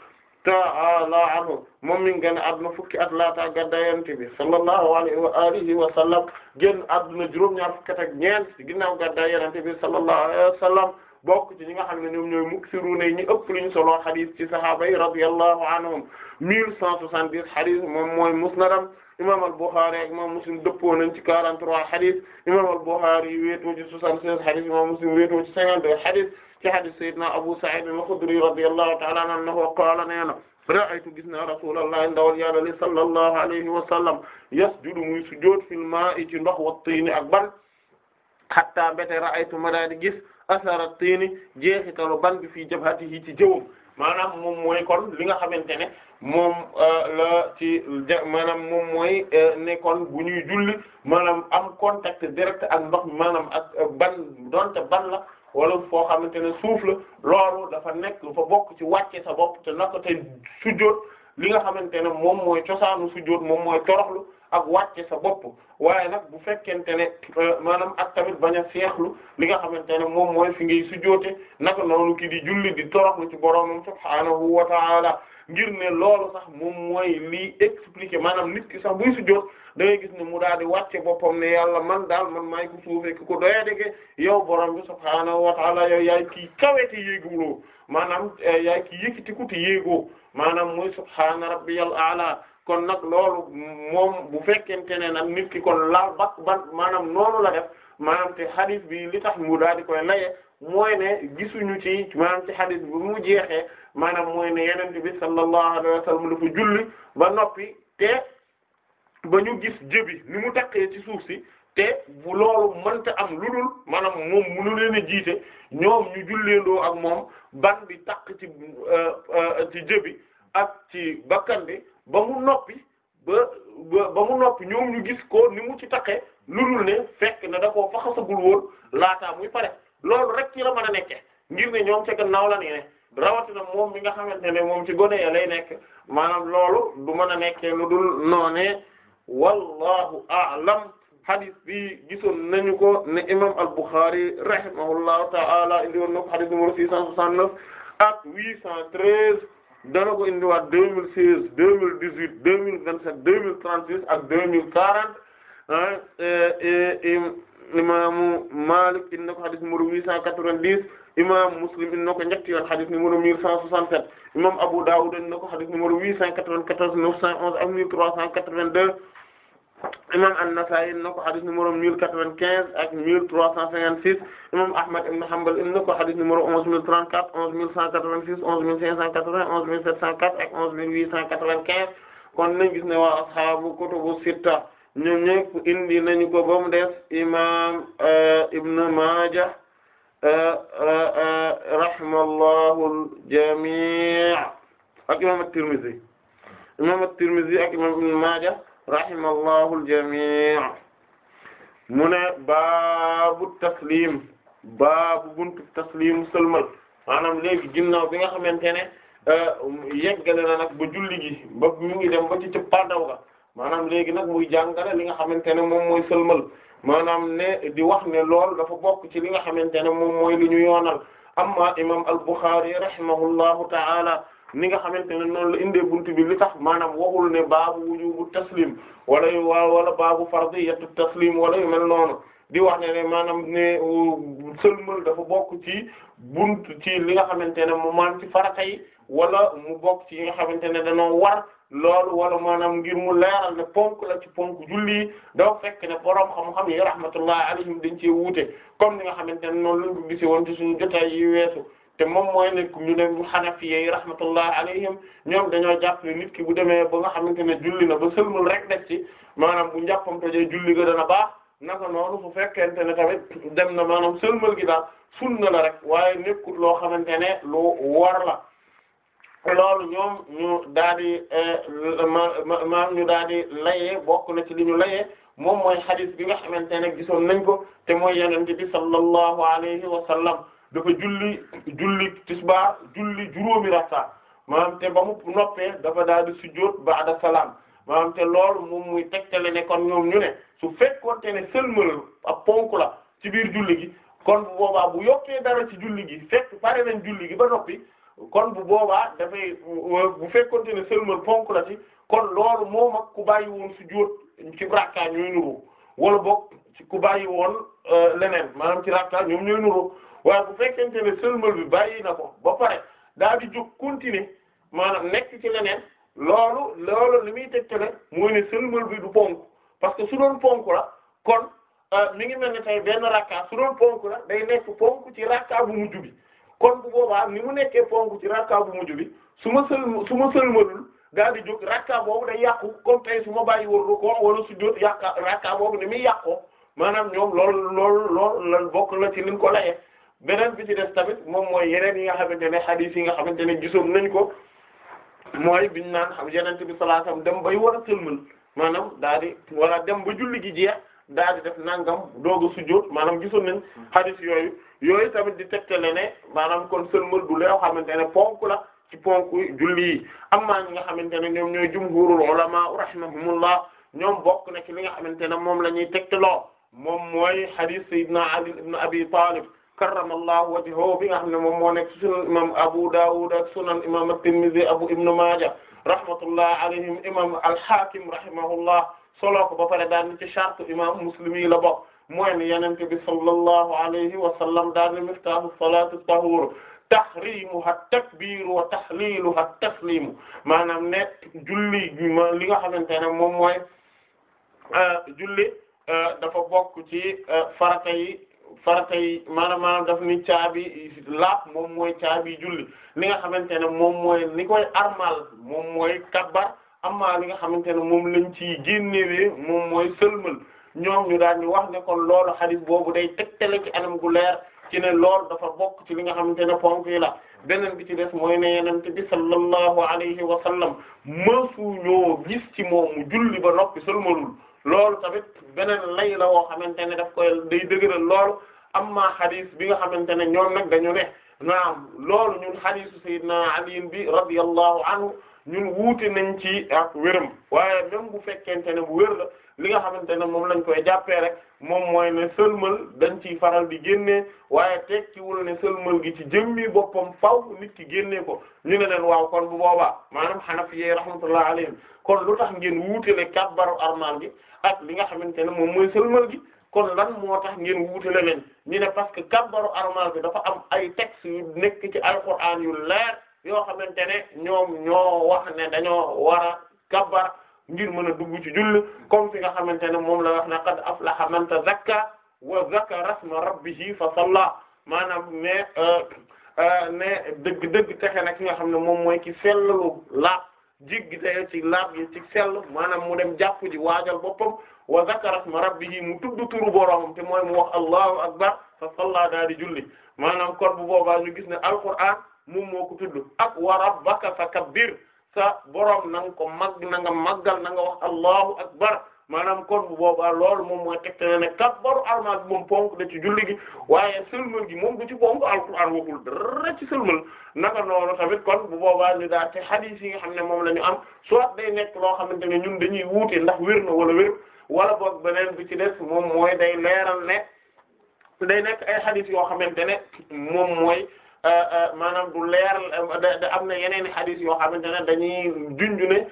ta'ala anhu moom mi ngi génn àdduna fukki at laata gàddaay Yonent bi sallallahu alayhi wa alihi wa sallam génn àdduna juróom-ñaar fukki at ak ñeent ci ginnaaw gàddaay Yonent bi sallallahu alayhi wa sallam bokk ci ñi nga xam ne ñoom ñooy muksiruna ñi ëpp lu ñu solo xadis ci sahaaba yi radiyallahu anhum mille cent soixante-dix xadis moom mooy musnadam imam al-Bukhari ak imam Muslim dëppoo nañ ci 43 xadis imam al-Bukhari wéetoo ci 76 xadis imam Muslim wéetoo ci 52 xadis ci hadith sayyidina Abu Sa'id al-Khudri radiyallahu ta'ala anhu ra'aytu gis naa rasulullah ndawal yàlla li sallallahu alayhi wa sallam yasjudu muy sujood fil maa'i ci ndox wa ak ban hatta bete ra'aytu ma daa di gis asara tiini jeexitalu ban bi fii jabhatihi ci jëwum maanaam moom mooy kon li nga xamante ne moom euh, la ci maanaam moom mooy euh, ne bu ñuy julli maanaam am contact direct ak ndox maanaam ak ban donte ban wala foo xamante ne suuf la looru dafa nekk fa bokk ci wàcce sa bopp te naka te sujjóot li nga xamante ne moom mooy cosaanu sujjóot moom mooy lu ak wàcce sa bopp waaye nag bu fekkente ne euh, maanaam ak tamit bañ a seexlu li nga xamante ne moom mooy fi ngay sujjóote naka noonu ki di julli di toroxlu ci boroomam subhaanahu wa ta'ala ngir ne loolu sax moom mooy lii expliquer maanaam nit ki sax bu sujjóot da ngay gis ne mu daal di wàcce boppam ne yàlla man daal man maay ko suufee ku ko doyadege yow borom bi subhaanahu wa taala yow yaay kii kawe te yéeguloo maanaam eh, yaay kii yëkkatiku te yéegoo maanaam mooy subhaana rabbiyal aala kon nag loolu moom bu fekkente ne nag nitki ki kon la bakk ban maanaam noonu la def maanaam te hadith bi li tax mu daal di koy laye mooy ne gisuñu ci maanaam ci hadith bi mu jeexee. maanaam mooy ne yeneen bi sallallahu alayhi wa sallam dafa julli ba noppi te ba ñu gis jëbi ni mu takkee ci suuf si te bu loolu mënta am lu dul maanaam moom mënu leen a jiite ñoom ñu julleendoo ak moom ban bi takk ci euh, euh, ci jëbi ak ci bakkan ba mu noppi ba ba mu noppi ñoom ñu gis ko ni mu ci takkee lu dul ne fekk na da koo faxasagul woon laataa muy pare loolu rek ci a mën a nekke ngir ne ñoom ca gannaaw la na moom bi nga xamante ne moom ci gone ya lay nekk maanaam loolu du mën a nekkee lu dul noonee wallahu a'lam hadith bi gisoon nañu ko ne imam al-Bukhari rahimahullahu ta'ala indi woon na ko hadith numéro 669 ak 813 dana ko indiwaat 2016 2018 2027 2036 ak 2040 ah eh, eh, imaamu Malik indi na ko hadith numéro 890 imam Muslim in na ko ñetti yoon xadis numéro 1167 imam Abu Dawud in na ko xadis numéro 894 911 ak 1382 imam An-Nasa'i in na ko xadis numéro 1095 ak 1356 imam Ahmad ibn Hanbal in na ko xadis numéro 11034 11186 11580 11704 ak 11895 kon nañ gis ne waa ashabu kutubu sitta ñoom ñëpp indi nañu ko ba mu des imam euh, Ibn Maaja E, e, rahimallahu al-jamii ak imam at-Tirmidhi imam at ak imam Ibn Maaja rahimallahu al-jamii mu ne baabu taslim baabu buntu taslimu sëlmal maanaam léegi ginnaaw bi nga xamante ne e, yeggale na nag bu julli gi ba mu ngi dem ba ci cëppaandaw ga maanaam léegi nag muy jàngale li nga xamante ne moom mooy sëlmal maanaam ne di wax ne loolu dafa bokk ci li nga xamante ne moom mooy li ñu yoonal amma imam al-Bukhari rahimahullahu ta'ala ni nga xamante ne noonu la indee buntu bi li tax maanaam waxul ne baabu wujubu taslim wala yu waaw wala baabu fardiyatu taslim wala yu mel noonu di wax ne ne maanaam ne uh, sëlmal dafa bokk ci bunt ci li nga xamante ne mu maan ci farata wala mu bokk ci yi nga xamante ne danoo war loolu wala maanaam ngir mu leeral ne ponk la ci ponk julli yi doo fekk ne borom xam-xam yi rahmatullahi alayhim dañ cee wuute comme ni nga xamante ne noonu lañ ko gisee woon ci suñu jotaay yi weesu te moom mooy ne ñu ne Hanafi yi rahmatullahi alayhim ñoom dañoo jàpp ne nit ki bu demee ba nga xamante ne julli na ba sëlmul rek def ci maanaam bu njàppam tojee julli ga dana baax naka noonu su fekkente ne tamit dem na maanaam sëlmal gi daal sunna la rek waaye nekkul loo xamante ne loo war la. loolu ñoom ñu daal di eh, maam ñu daal di layee bokk na ci li ñu layee moom mooy xadis gi nga xamante ne gisoon nañ ko te mooy yenente bi sallallahu alayhi wa sallam dafa julli julli tisbaar julli juróomi rakka maanaam te ba mu noppee dafa daal di sujjóot ba'da salaam maanaam te loolu mu muy tegtale ne kon ñoom ñu ne su fekkoonte ne sëlmal ak ponk la ci biir julli gi kon boobaa bu yokkee dara ci julli gi fekk pare nañ julli gi ba noppi kon bu boobaa dafay bu fekkonte ne sëlmal ponk la ci kon loolu moom ak ku bàyyi woon sujjóot ci rakka ñooy nuru wala boog ci ku bàyyi woon euh, leneen maanaam ci rakka ñoom ñooy nuroo waaye bu fekkee fekkente ne sëlmal bi bàyyi na ko ba pare daal di jóg continuer maanaam nekk ci leneen loolu loolu li muy tegtale mooy ne sëlmal bi du ponk parce que su doon ponk la kon euh, mi ngi mel ne tey benn rakka su doon ponk la day nekk ponk ci rakka bu mujj bi kon bu boobaa ni mu nekkee ponk ci rakka bu mujj bi su ma sël su ma sëlmalul daal di jóg rakka boobu day yàqu comme tey su ma bàyyi woon rukoo wala sujjóot rakka boobu ni muy yàqoo maanaam ñoom loolu loolu loolu lan bokk la ci liñ ko laye beneen bi ci def tamit moom mooy yeneen yi nga xamante ne hadith yi nga xamante ne gisoom nañ ko mooy biñ naan xam yenente bi sallallahu alayhi wasallam dem bay war a sëlmal maanaam daal di wala dem ba julli gi jeex daal di def nangam doog a sujjóot maanaam gisoon nañ hadith yooyu yooyu tamit di tegtale ne maanaam kon sëlmal du loo xamante ne ponk la ci ponk julli yi amma ñi nga xamante ni ñoom ñooy jumhurul ulama rahimahumullah ñoom bokk na ci li nga xamante ne moom la ñuy tegtaloo moom mooy hadith sayyidina Ali ibn Abi Talib karramallahu wajhahu bi nga xam ne moom moo nekk sunan imam Abu Dawud ak sunan imam at-Tirmidhi Abu Ibn Majah rahmatullah alayhim imam al-Hakim rahimahullah solo ko ba pare daan ci shartu imam Muslim yi la bo mooy ne yonent bi sallallahu alayhi wa sallam daal ne miftaahu salaatu tahuru tahrimuha takbiru wa tahliluha taslimu maanaam ne julli li nga xamante ne moom mooy euh, julli euh, dafa bokk ci euh, farata maanaam maanaam caabi laap moom mooy caabi julli li nga xamante ne moom mooy li koy armal moom mooy kabbar amma li nga xamante ne moom lañ ci génnewee moom mooy sëlmal ñoom ñu daal ñu wax ne kon loolu xadis boobu day tegtale ci anam gu leer ci ne loolu dafa bokk ci li nga xamante ne ponk yi la beneen bi ci des mooy ne yenente bi sallallahu alayhi wa sallam mësuñoo gis ci moom mu julli ba noppi sëlmalul loolu tamit beneen lay la woo xamante ne daf koy day dëgëral loolu amma xadis bi nga xamante ne ñoom nag dañu ne naam loolu ñun xadisu sayyidina Ali bi radiyallahu anhu ñun wuute nañ ci ak wéram waaye même bu fekkente ne bu wér li nga xamante ne moom lañ koy jàppee rek moom mooy ne sëlmal dañ ciy faral di génne waaye tekkiwul ne sëlmal gi ci jëmmi boppam paw nit ki génnee ko ñu ne leen waaw kon bu boobaa maanaam xanaf yee rahmatullah alayhim kon lu tax ngeen wuutele kabbaru armal gi ak li nga xamante ne moom mooy sëlmal gi kon lan moo tax ngeen wuutele leen ñu ne parce que kabbaru armal gi dafa am ay textes yu nekk ci alquran yu leer yoo xamante ne ñoom ñoo wax ne dañoo war a kabbar ngir mën a dugg ci julli comme fi nga xamante ne moom la wax na qad aflaha man tazakka wa zakara isma rabbihi fa salla maanaam ne euh, euh, ne dëgg dëgg texe na ki nga xam ne moom mooy ki sellalu laab jiggi dayo ci laab gi ci sell maanaam mu dem jàpp ji waajal boppam wa zakara isma rabbihi mu tudd turu boroomam te mooy mu wax allahu akbar fa salla daal di julli maanaam kon bu booba ñu gis ne alquran moom moo ko tudd ak wa rabbaka fakabbir sa borom na ko mag na nga màggal na nga wax allahu akbar maanaam kon bu boobaa loolu moom mooy tegte ne ne kabbaru almaa bi moom ponk da ci julli gi waaye sëlmal gi moom da ci ponk alquran waxul dara ci sëlmal naka noonu tamit kon bu boobaa ñu daal ci hadith yi nga xam ne moom la ñu am soit day nekk loo xamante ne ñun dañuy wuute ndax wér na wala wér wala boog beneen bi ci des moom mooy day leeral ne day nekk ay hadith yoo xamante ne moom mooy Euh, euh, maanaam du leer euh, am na yeneen i xadis yoo xamante ne dañuy junju ne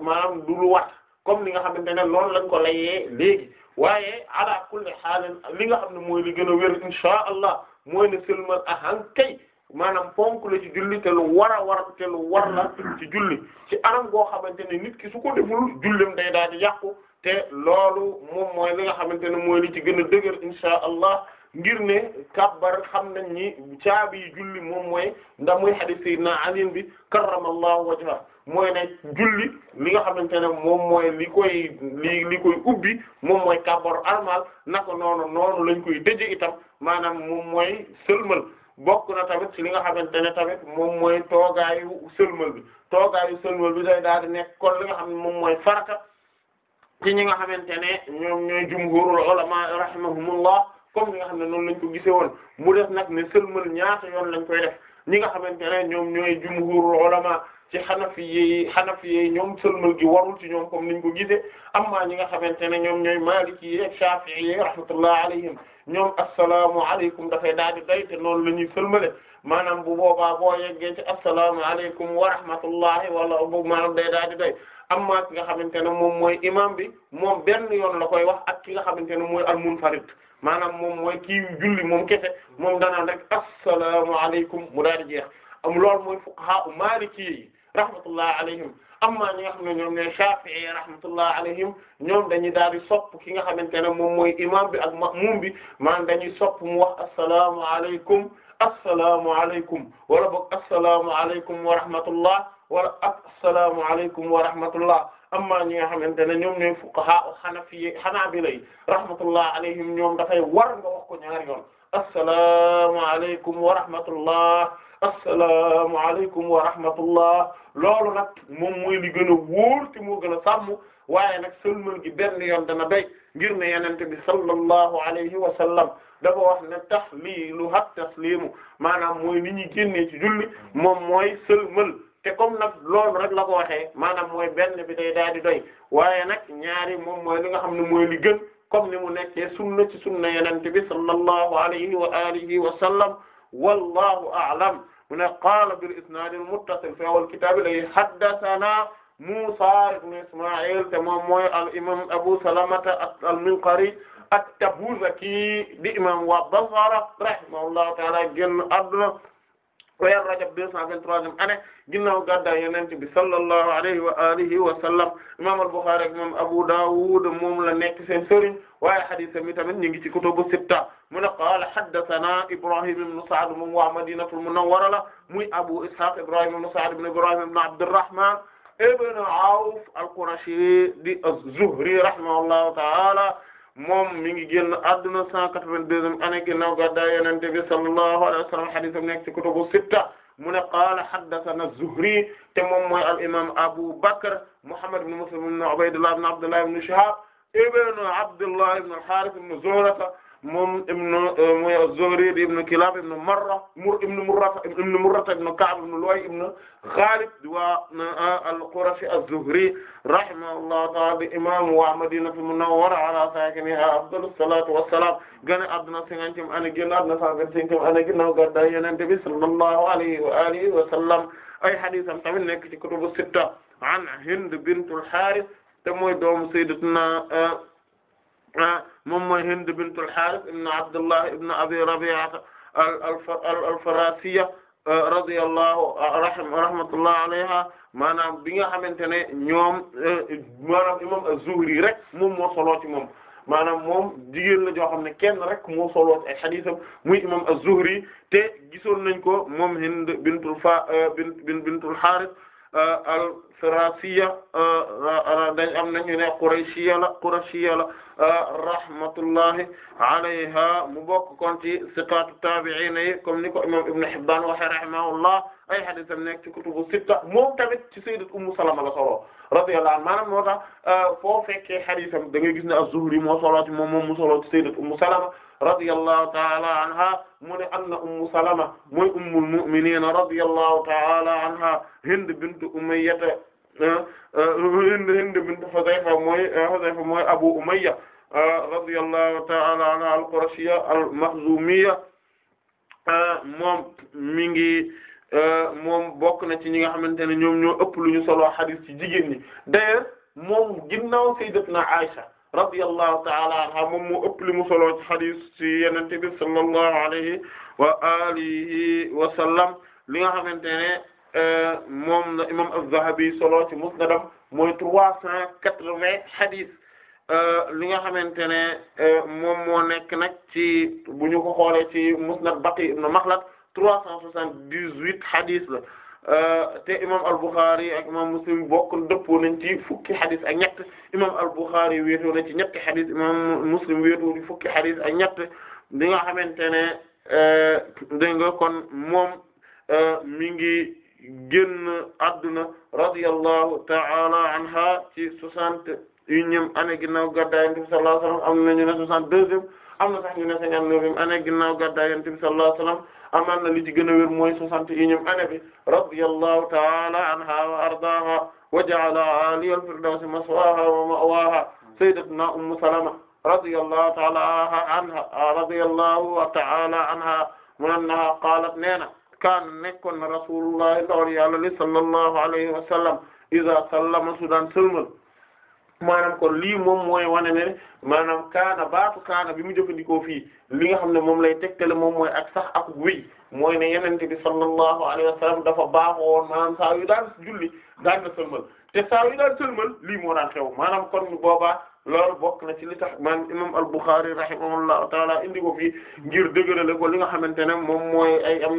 maanaam du lu wat comme li nga xamante ne loolu lañ ko layee léegi waaye ala kulli xaal li nga xam ne mooy li gën a wér insha allah mooy ne a ahan kay maanaam ponk ci julli te lu war war te lu war la ci julli ci anam goo xamante ne nit ki su ko deful jullim daal di yàqu te loolu moom mooy li nga xamante ne mooy li ci gën a dëgër insha allah ngir ne kabbar xam nañ ni caabi yi julli moom mooy ndax muy hadith sayyidina Ali bi karramallahu wajhahu mooy ne julli li nga xamante ne moom mooy li koy ubbi moom mooy kabbaru armal naka noonu noonu lañ koy dëjee itam maanaam moom mooy sëlmal bokk na tamit ci li nga xamante ne tamit moom mooy toogaayu sëlmal bi toogaayu sëlmal bi day daal di nekk kon li nga xam ne moom mooy faraka ci ñi nga xamante ne ñoom ñooy jumhurul ulama rahimahumullah comme ni nga xam ne noonu lañ ko gisee woon mu def nag ne sëlmal ñaata yoon lañ koy def ñi nga xamante ne ñoom ñooy jumhur ulama ci xanafi yi xanafi yi ñoom sëlmal gi warul ci ñoom comme niñ ko gisee amma ñi nga xamante ne ñoom ñooy maliki yi ak shafi'i yi rahmatullah alayhim ñoom assalaamu aleykum dafay daal di day te noonu la ñuy sëlmale maanaam bu boobaa boo yeggee ci assalaamu aleykum wa rahmatullahi wala bu maanaam day daal di day amma ki nga xamante ne moom mooy imam bi moom benn yoon la koy wax ak ki nga xamante ne mooy al munfarid maanaam moom mooy kii julli moom kese moom danaan rek asalaamaaleykum mu daal di jeex am loolu mooy fuqaha maliki yi rahmatullah alayhim amma ñi nga xam ne ñoom ne Shafi'i rahmatullah alayhim ñoom dañuy daal di sopp ki nga xamante ne moom mooy imam bi ak ma'mum bi maanaam dañuy sopp mu wax asalaamaaleykum asalaamaaleykum wala boog asalaamaaleykum wa rahmatullah wala asalaamaaleykum wa rahmatullah amma ñi nga xamante ne ñoom ñooy fuqaha xanafi xanaabila yi rahmatullah alayhim ñoom dafay war nga wax ko ñaari yoon assalaamu alaykum wa rahmatullah assalaamu alaykum wa rahmatullah loolu nag moom mooy li gën a wóor te moo gën a sàmm waaye nag sëlmal gi benn yoon dana béy ngir ne yenente bi sallallahu alayhi wa sallam dafa wax ne tahliilu hat tasliimu maanaam mooy li ñuy génnee julli moom mooy sëlmal te comme nag loolu rek la ko waxee maanaam mooy benn bi day daal di doy waaye nag ñaari moom mooy li nga xam ne mooy li gën comme ni mu nekkee sunna ci sunna yenente bi sallallahu alayhi wa alihi wa sallam wallahu a'lam mu ne qaala bil isnaad al muttasil fi awwal kitaab li haddathana Muusaa ibn Ismaa'iil te moom mooy al imaam Abu Salamata al-Minqari at-Tabuzaki di imaam waa Basra rahimahullahu ta'aala génn àdduna weer Rajab 223e année ginnaaw gàddaay yonent bi sallallahu alayhi wa alihi wa sallam imam al-Bukhari ak imam Abu Dawud moom la nekk seen sëriñ waaye hadiisam yi tamit ñu ngi ci kutubu sitta mu ne qaala haddathana Ibrahim ibn Sa'd moom waa Madinatul Munawwara la muy Abu Ishaq Ibrahim ibn Sa'd ibn Ibrahim ibn Abdurrahman ibn Awf al-Qurashi di az-Zuhri rahimahullahu ta'ala moom mi ngi génn àdduna 182e année ginnaaw gàddaay yonent bi sallallahu alayhi wa sallam hadiisam nekk ci kutubu sitta mu ne qaala haddathana az-Zuhri te moom mooy al imam Abu Bakr Muhammad ibn Muslim ibn Ubaydullah ibn Abdullah ibn Shihab ibn Abdullah ibn al-Harith ibn Zuhrata moom ibnu euh, muy az-Zuhri di ibnu Kilab ibnu Marra mur ibnu Murra ibnu Murra ibnu Ka'b ibnu Lu'ay ibnu Khalid wa euh, al-Qurashi az-Zuhri rahimahullahu ta'ala di imam wa Madinatul Munawwara ala sakiniha afdalu salatu wassalam gane adduna cinquantième année génn adduna cent vingt-cinquième année ginnaaw gàddaay Yonent bi sallallahu alayhi wa alihi wa sallam ay hadisam tamit nekk ci kutubu sitta an Hind bintul Harith te mooy doomu sayyidatuna euh, moom mooy Hind bint al-Harith ibn Abdullah ibn Abi Rabi'a al-Farasiyya uh, radiyallahu uh, rahmatullah alayha maanaam bi nga xamante ne ñoom uh, maanaam imam az-Zuhri rek moom moo soloo ci moom maanaam moom jigéen la joo xam ne kenn rek moo soloo ci ay xadiisam muy imam az-Zuhri te gisoon nañ ko moom Hind bintul fa bint bintul Harith al Sarafiya euh, euh, dañ am nañu ne Qurayshiyya la Qurayshiyya la euh, rahmatullahi alayha mu bokk kon ci siqaatu taabi'iin yi comme ni ko imam Ibn Hibbaan waxe rahimahullah ay hadiisam nekk ci kutubu sitta moom tamit ci sayyidatu Ummu Salama la solo radiyallahu anha maanaam moo tax foo fekkee hadiisam da ngay gis ne az-Zuhri moo solo ci moom moom mu solo ci sayyidatu Ummu Salama radiyallahu ta'ala anha mu ne anna Ummu Salama mooy ummul mu'miniin radiyallahu ta'ala anha Hind bint Umayyah Hind Hind bint Hudayfa mooy Hudayfa ah, mooy Abu Umayya ah, radiyallahu ta'ala anha al-Qurashiyya al-Makhzumiyya ah, moom mi ngi moom bokk na ci ñi nga xamante ne ñoom ñoo ëpp lu ñu solo hadith ci jigéen ñi d'ailleurs moom ginnaaw sayyidatuna Aisha radiyallahu ta'ala anha moom moo ëpp li mu solo ci hadith ci Yonent bi sallallahu alayhi wa alihi wa sallam li nga xamante ne Euh, moom la imam az-Zahabi solo ci musnadam mooy trois cent quatre-vingts hadith euh, li nga xamante ne euh, moom moo nekk nag ci bu ñu ko xoolee ci musnad Baqi ibn Makhlad trois cent soixante-dix-huit hadith la te imam al-Bukhari ak imam Muslim bokk dëppoo nañ ci fukki hadith ak ñett imam al-Bukhari wéetoo na ci ñetti hadith Muslim wéetoo fukki hadith ak ñett li nga xamante ne dégg nga kon moom mi ngi génn adduna radiyallahu ta'ala anha ci soixante et unième année ginnaaw gàddaay Yonent bi sallallahu alayhi wa sallam am nañu ne soixante deuxième am na sax ñu ne cinquante-neuvième année ginnaaw gàddaay Yonent bi sallallahu alayhi wa sallam amaan na li ci gën a wér mooy soixante et unième année bi radiyallahu ta'ala anha wa ardaaha wa ja'ala aliyal firdawsi maswaaha wa ma'waaha sayyidatuna ummu salama radiyallahu ta'ala anha radiyallahu ta'ala anha mu annaha qaalat nee na kaana nekkoon na rasulullahi ndawal yàlla li sallallahu alayhi wa sallam iza sallama su daan ko lii moom mooy wane ne maanaam kaana baatu kaana bi mu jëfandikoo fii li nga xam ne moom lay tegtale moom mooy ak sax ak wéy mooy ne yenente bi sallallahu alayhi wa sallam dafa baaxoo woon maanaam saa yu daan julli daan na sëlmal loolu bokk na ci li tax man imam al-Bukhari rahimahullahu taala indi ko fii ngir dëgërale ko li nga xamante ne moom mooy ay am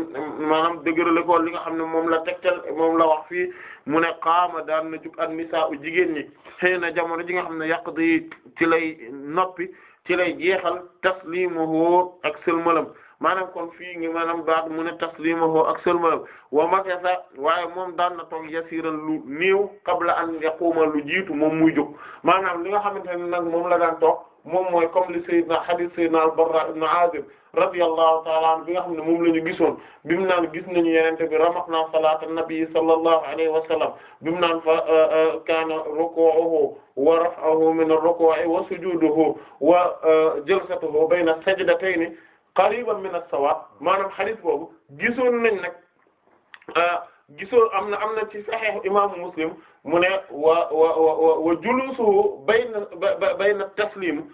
maanaam dëgërale ko li nga xam ne moom la tegtal moom la wax fii mu ne qaama daan na jug an-nisaa u jigéen ñi xëy na jamono ji nga xam ne yaqdi ci lay noppi ci lay jeexal taslimuhu ak sëlmalam maanaam kon fii ngi maanaam baat mu ne taslimahu ak sëlmal wa makasa waaye moom daan na toog yasiran lu néew qabla an yaquuma lu jiitu moom muy jóg maanaam li nga xamante ne nag moom la daan toog moom mooy comme li sayyidna hadith sayyidna al-Barra ibn Azib radiyallahu ta'ala anhu bi nga xam ne moom la ñu gisoon bi mu naan gis nañu yenente bi ramaxnaa salaata nabi sallallahu alayhi wa sallam bi mu naan fa euh, euh, kaana ruku'uhu wa raf'uhu min ar-ruku'i wa sujuduhu wa euh, jalsatuhu bayna sajdatayni qariban min as-sawa maanaam xadis boobu gisoon nañ nag ah, gisoon am na am na ci sahih imaamu muslim mu ne wa wa wa wa julusuhu bayna bayna taslim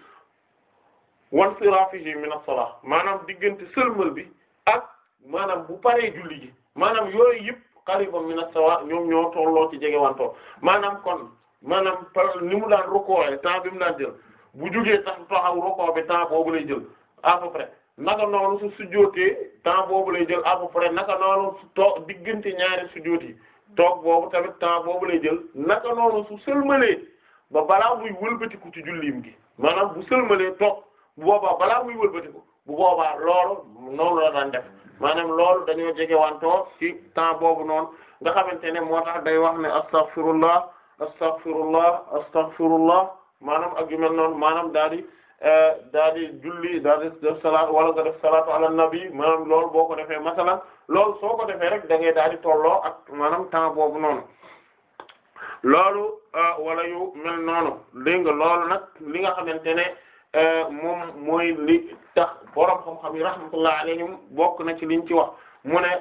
wa insirafihi min as-salah maanaam diggante sëlmal bi ak maanaam bu paree julli ji maanaam yooyu yëpp qariban min as-sawa ñoom ñoo tolloo ci jege wanto maanaam kon maanaam ni mu daan rukkoo temps bi mu daan jël bu jugee tax taxaw rukkoo bi temps boobu lay jël à peu près naka noonu su sujjóotee temps boobu lay jël à peu près naka noonu su toog diggante ñaari sujjóot yi toog boobu tamit temps boobu lay jël naka noonu su sëlmalee ba balaa muy wëlbatiku ci julliim gi maanaam bu sëlmalee toog bu boobaa balaa muy wëlbatiku bu boobaa loolu noonu la daan def maanaam loolu dañoo jege wantoo ci temps boobu noonu nga xamante ne moo tax day wax ne astaghfirullah astaghfirullah astaghfirullah maanaam ak yu mel noonu maanaam daal di E, daa di julli daa di wala nga def salaatu ala nabi maanaam loolu boo ko defee masalan loolu soo ko defee rek da ngay daal di tolloo ak maanaam temps boobu noonu loolu e, wala yu mel noonu dégg nga loolu nag li nga xamante ne e, moom mooy li tax borom xam-xam yi alayhim bokk na ci liñ ci wax mu ne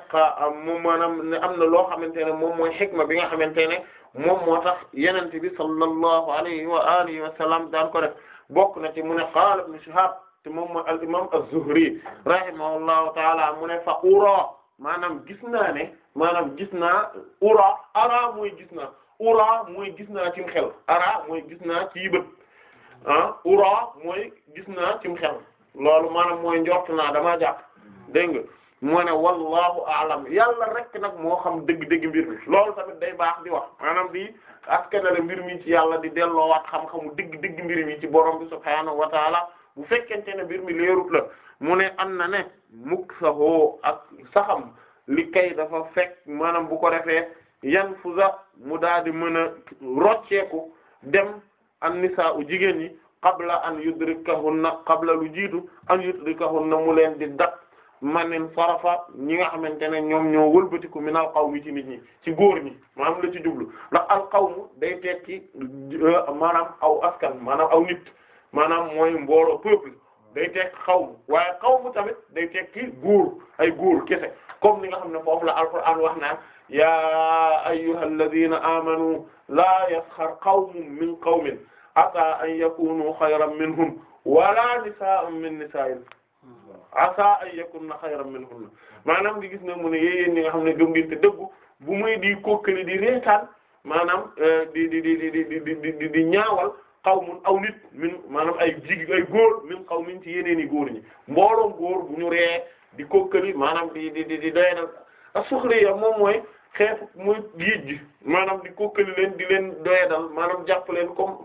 mu maanaam ne am na loo xamante ne moom mooy xikma bi nga xamante ne moom moo tax yenente bi sallallahu alayhi wa alihi wa salaam daan ko def bokk na ci mu ne qaala ibn Shihab te moom mooy al imam az-Zuhri rahimahullahu taala mu ne fa ura maanaam gis naa ne maanaam gis naa ura ara mooy gis naa ura mooy gis naa cim xel ara mooy gis naa ci bët ah mooy gis naa cim xel loolu maanaam mooy njort naa damaa jàpp dégg nga mu ne wallahu a'lam yàlla rek nag moo xam dëgg mbir bi loolu tamit day baax di wax maanaam di askanale mbir mi ci yàlla di delloowaat xam-xamu digg digg mbir mi ci borom bi subhaanahu wa taala bu fekkente ne mbir mi leerut la mu ne am na ne mukk saxoo ak saxam li kay dafa fekk maanaam bu ko defee fu fusa mu daal di mën a rocceeku dem an nisaa u jigéen ñi qabla an yudrikahunna qabla lu jiitu an yudrikahunna mu leen di dat manen farafa ñi nga xamante ne ñoom ñoo wëlbatiku min al qawmi ci nit ñi ci góor ñi maanaam la ci jublu ndax al qawmu day tekki euh, maanaam aw askan maanaam aw nit maanaam mooy mbooloo peuple day tekk xawmu waaye xawmu tamit day tekki góor ay góor kese comme ni nga xam ne foofu la alquran wax naan yaa ayyuhal ladina amanu laa yasxar qawmun min qawmin asa an yakunu xayran minhum wala nisaa'un min nisaa'in asa ay yakunna xayran minhunna maanaam di gis ne mu ne yéen ñi nga xam ne gëm ngeen te dëggu bu muy di kokkali di reetaan maanaam euh, di di di di di di di ñaawal qawmun aw nit min maanaam ay jig ay góor min qawmin ci yeneen i góor ñi mbooloom góor bu ñu ree di kokkali maanaam di di di di doyanal as-suxriya moom mooy xeef muy géej gi maanaam di kokkali leen di leen doyanal maanaam jàpp leen comme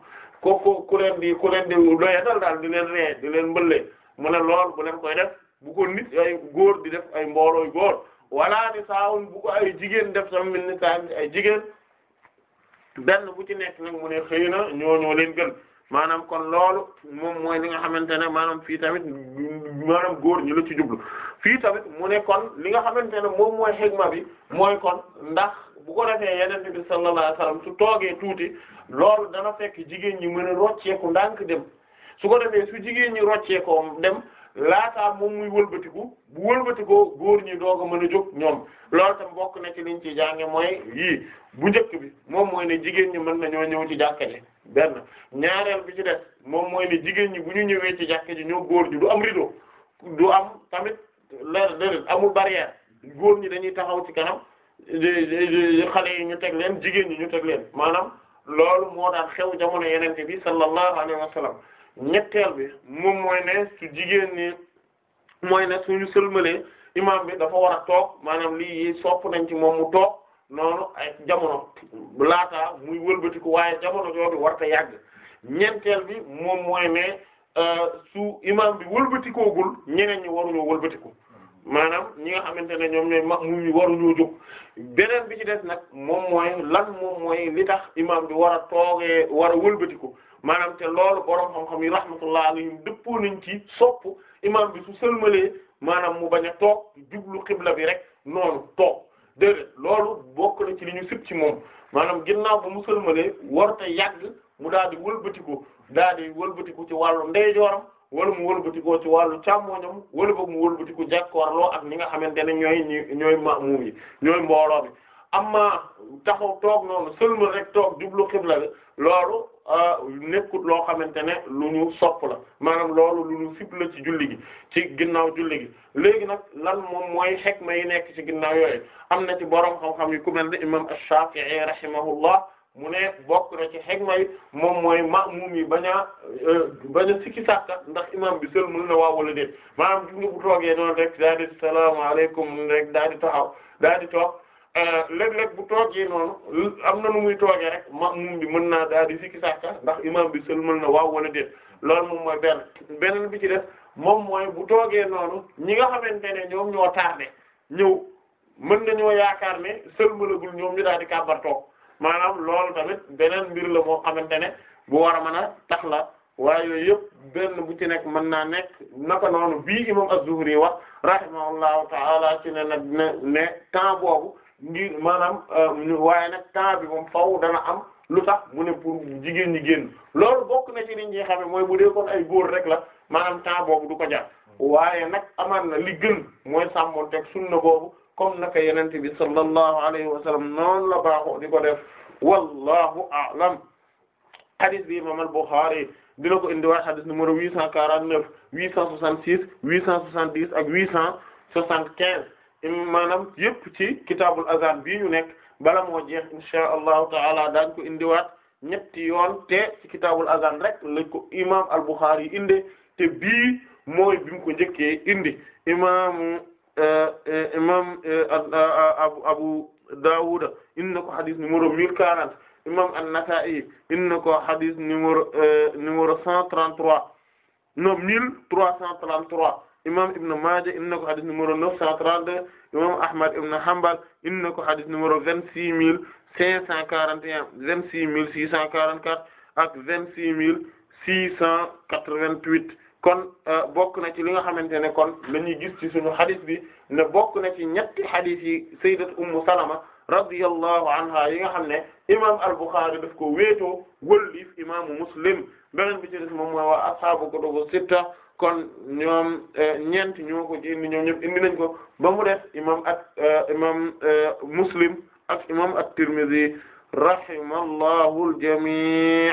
ko ku leen di ku leen di doyanal daal di leen ree di leen mbëllee mu ne lool bu leen koy def bu ko nit ay góor di def ay mboolooy góor wala ni saawun bu ko ay jigéen def sama min ni ci ay jigéen benn bu ci nekk nag ne xëy na ñooñoo leen gën maanaam kon loolu moom mooy li nga xamante ne maanaam fii tamit maanaam góor ñi la ci jublu fii tamit mu ne kon li nga xamante ne moom mooy xigma bi mooy kon ndax bu ko defee yenente bi sallallahu alayhi wasallam su toogee tuuti loolu dana fekk jigéen ñi mën a rocceeku ndànk dem su ko defee su jigéen ñi rocceekoo dem laataa moom muy wëlbatiku bu wëlbatikoo góor ñi doog a mën a jóg ñoom loolu tam bokk na ci liñ ci jànge mooy yii bu njëkk bi moom mooy ne jigéen ñi mën nañoo ñëw ci jàkka benn ñaareel bi ci def moom mooy ne jigéen ñi bu ñu ñëwee ci jàkka ji ñoo góor ñi du am rideau du am tamit leer déedéet góor ñi dañuy taxaw ci kanam xale yi ñu teg leen jigéen ñi ñu teg leen maanaam loolu moo daan xew jamono yenente bi sallallahu alayhi wa sallam ñetteel bi moom mooy ne su jigéen ñi mooy ne suñu sëlmalee imaam bi dafa war a toog maanaam lii sopp nañ ci moom mu toog noonu ay jamono laataa muy wëlbatiku waaye jamono jooju warta yàgg ñeenteel bi moom mooy ne euh, su imaam bi wëlbatikoogul ñeneen ñi waruñoo wëlbatiku maanaam ñi nga xamante ne ñoom ñooy maamum yi waruñoo jóg beneen bi ci des nag moom mooy lan moom mooy li tax imaam bi war a toogee war a wëlbatiku maanaam te loolu borom xam-xam yi rahmatullah alayhim dëppoo nañ ci sopp imam bi su sëlmalee maanaam mu bañ a toog jublu xibla bi rek noonu toog déedéet loolu bokk na ci li ñu sib ci moom maanaam ginnaaw ba mu sëlmalee warta yàgg mu daal di wëlbatiku daal di wëlbatiku ci wàllu ndeyjooram wala mu wëlbatikoo ci wàllu càmmoñam wala boog mu wëlbatiku jàkkaarloo ak ñi nga xamante ne ñooy ñooy maamum yi ñooy mbooloo bi amma taxaw toog noonu sëlmal rek toog jublu xibla bi loolu ah, nekkut loo xamante ne lu ñu sopp la maanaam loolu lu ñu sib ci julli gi ci ginnaw julli gi léegi nag lan moom mooy xekma yi nekk ci ginnaaw yooyu am na ci boroom xam-xam ku mel ne imam Ash-Shafi'i rahimahullah mu ne bokk na ci xekma yi moom mooy ma'mum yi bañ a euh, bañ a ndax imam bi sël mën na waaw wala déet maanaam gis nga bu toogee noonu rek daal salaamaaleykum daal di taxaw daal di toog Euh, léeg-léeg bu toogee noonu am na nu muy toogee rek ma'mum bi mën naa daal di sikki sàkka ndax imam bi mën na waaw wala déet loolu moom mooy benn benn bi ci def moom mooy bu toogee noonu ñi nga xamante ne ñoom ñoo tardé ñëw mën nañoo yaakaar ne sëlmalagul ñoom ñu daal di kàbbar toog maanaam loolu tamit beneen mbir la moo xamante ne bu war a mën a tax la waaye yooyu yëpp bu ci nekk mën naa nekk naka noonu bii imam az-Zuhri wax rahimahullahu ta'ala ci ne nag ne temps boobu ngir maanaam euh, waaye nag taa bi moom faw dana am lu tax mu ne pour jigéen ñi génn loolu bokk na ci li mooy bu dee kon ay góor rek la maanaam temps boobu du ko jar waaye nag amaan na li gën mooy sàmmonteeg sunna boobu comme naka yenente bi sallallahu alayhi wa sallam noonu la baaxoo di ko def wallahu a'lam hadith bi imam al-Bukhari dina ko indi waat hadith numéro 849 866 870 ak 875 maanaam yëpp ci kitaabul azan bii ñu nekk bala moo jeex insha allahu taala daañ ko indiwaat ñetti yoon te ci kitaabul azan rek lañ ko imam al Bukhari yi inde te bii mooy bi mu ko njëkkee indi imaamu euh, euh, imam euh, abu Dawud indi ko hadith numéro mille quarante imam an-Nasa'i indi na ko hadith numéro numéro cent trente trois non mille trois cent trente trois imam Ibn Maaja indi na ko xadis numéro 932 imam Ahmad Ibn Hanbal indi na ko xadis numéro 26 541 26 644 ak 26 688 kon euh, bokk na ci li nga xamante ne kon la ñuy gis ci suñu xadis bi ne bokk na ci ñetti xadis yi sayyidat Ummu Salama radiyallahu anha yi nga xam ne imam al ko wéetoo wëllif imaamu Muslim beneen bi ci des moom mooy waa ashaabu kutubu kon ñoom eh, ñeent ñoo ko ci indi ñoom ñëpp indi nañ ko ba mu def imam ak eh, imam eh, Muslim ak imam at-Tirmidhi rahimallahu al-jami'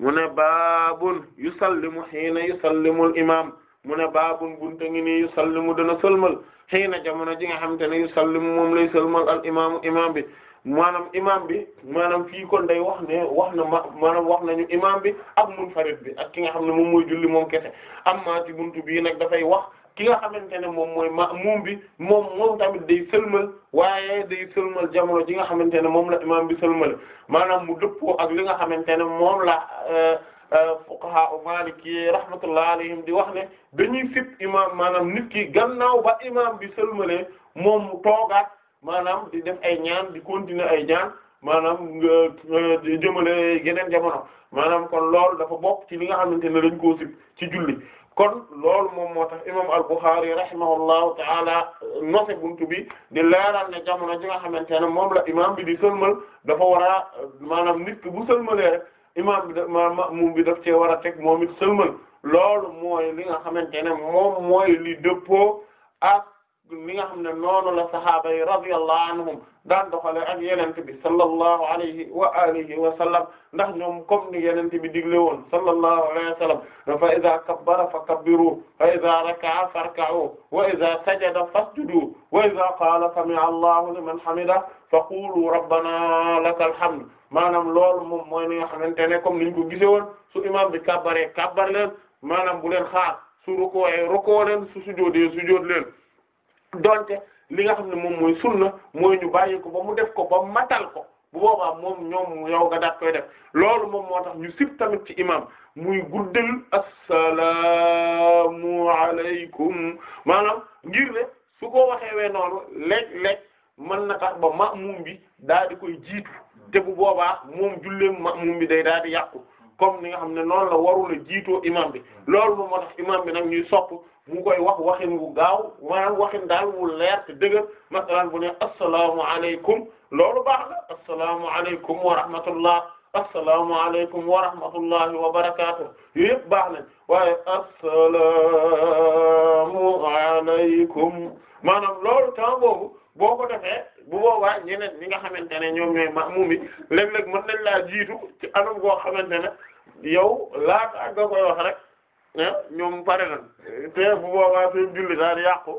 mu ne baabun yusallimu hiina yusallimu al-imam mu ne baabun bunta ngi nii yusallimu dana sëlmal hiina jamono ji nga xamante ne yusallimu moom lay sëlmal al-imam imam bi maanaam imam bi maanaam fii kon day wax ne wax na ma maanaam wax nañu imam bi ak munfarid bi ak ki nga xam ne moom mooy julli moom kese amma ci buntu bii nag dafay wax ki nga xamante ne moom mooy ma ma'muum bi moom moom tamit day sëlmal waaye day sëlmal jamono ji nga xamante ne moom la imam bi sëlmal maanaam mu dëppoo ak li nga xamante ne moom la euh, euh, fuqaha u maliki rahmatullah alayhim di wax ne dañuy sip imam maanaam nit ki gannaaw ba imam bi sëlmalee moom mu toogaat maanaam di def ay ñaan di continuer ay ñaan maanaam nga jëmale yeneen jamono maanaam kon loolu dafa bokk ci li nga xamante ne dañ koo sib ci julli kon loolu moom moo tax imam al-Bukhari rahimahullahu taala nofe buntu bi di leeral ne jamono ji nga xamante ne moom la imam bi di sëlmal dafa war a maanaam nit ki bu sëlmalee rek imam bi da ma mum bi daf cee war a teg moom it sëlmal loolu mooy li nga xamante ne moom mooy li dëppoo mi nga xam ne noonu la sahaaba yi radiyallahu anhum daan doxale ak yenente bi sallallahu alayhi wa alihi wa sallam ndax ñoom comme ni yenente bi digle woon sallallahu alayhi wa sallam fa idha kabbara fa kabbiru wa idha raka'a farka'u wa idha sajada fasjudu wa idha qaala sami'a allahu liman hamida fa qulu rabbana lakal hamd maanaam loolu moom mooy ni nga xamante ne comme niñ ko gise woon su imam bi kabbaree kabbar leen maanaam bu leen xaar su rukkoo ay rukkoo leen su sujoodee sujood leen donte li nga xam ne moom mooy sunna mooy ñu bàyyi ko ba mu def ko ba matal ko bu boobaa moom ñoom yow ga daat koy def loolu moom moo tax ñu sib tamit ci imaam muy guddal assalaamu alaykum maanaam ngir ne su ko waxee wee noonu léeg-léeg mën na tax ba ma bi daal di koy jiitu te bu boobaa moom julleem ma'mum bi day daal di yàqu comme ni nga xam ne noonu la warul jiitoo imam bi loolu moom moo tax imam bi nag ñuy sopp mu koy wax waxin wu gaaw maanaam waxin daal wu leer te dëgër masalan bu ne asalaamualeykum loolu baax la asalaamualeykum wa rahmatullah asalaamualeykum wa rahmatullahi wa barakaatuh yooyu baax na waaye asalaamualeykum maanaam loolu temps boobu boo ko bu boobaa ñeneen ñi nga xamante ne ñoom ñooy maamum yi jiitu ci anam goo xamante ne yow laata ak nga koy Eh, ñoom pare na te bu boobaa seen julli daal yàqu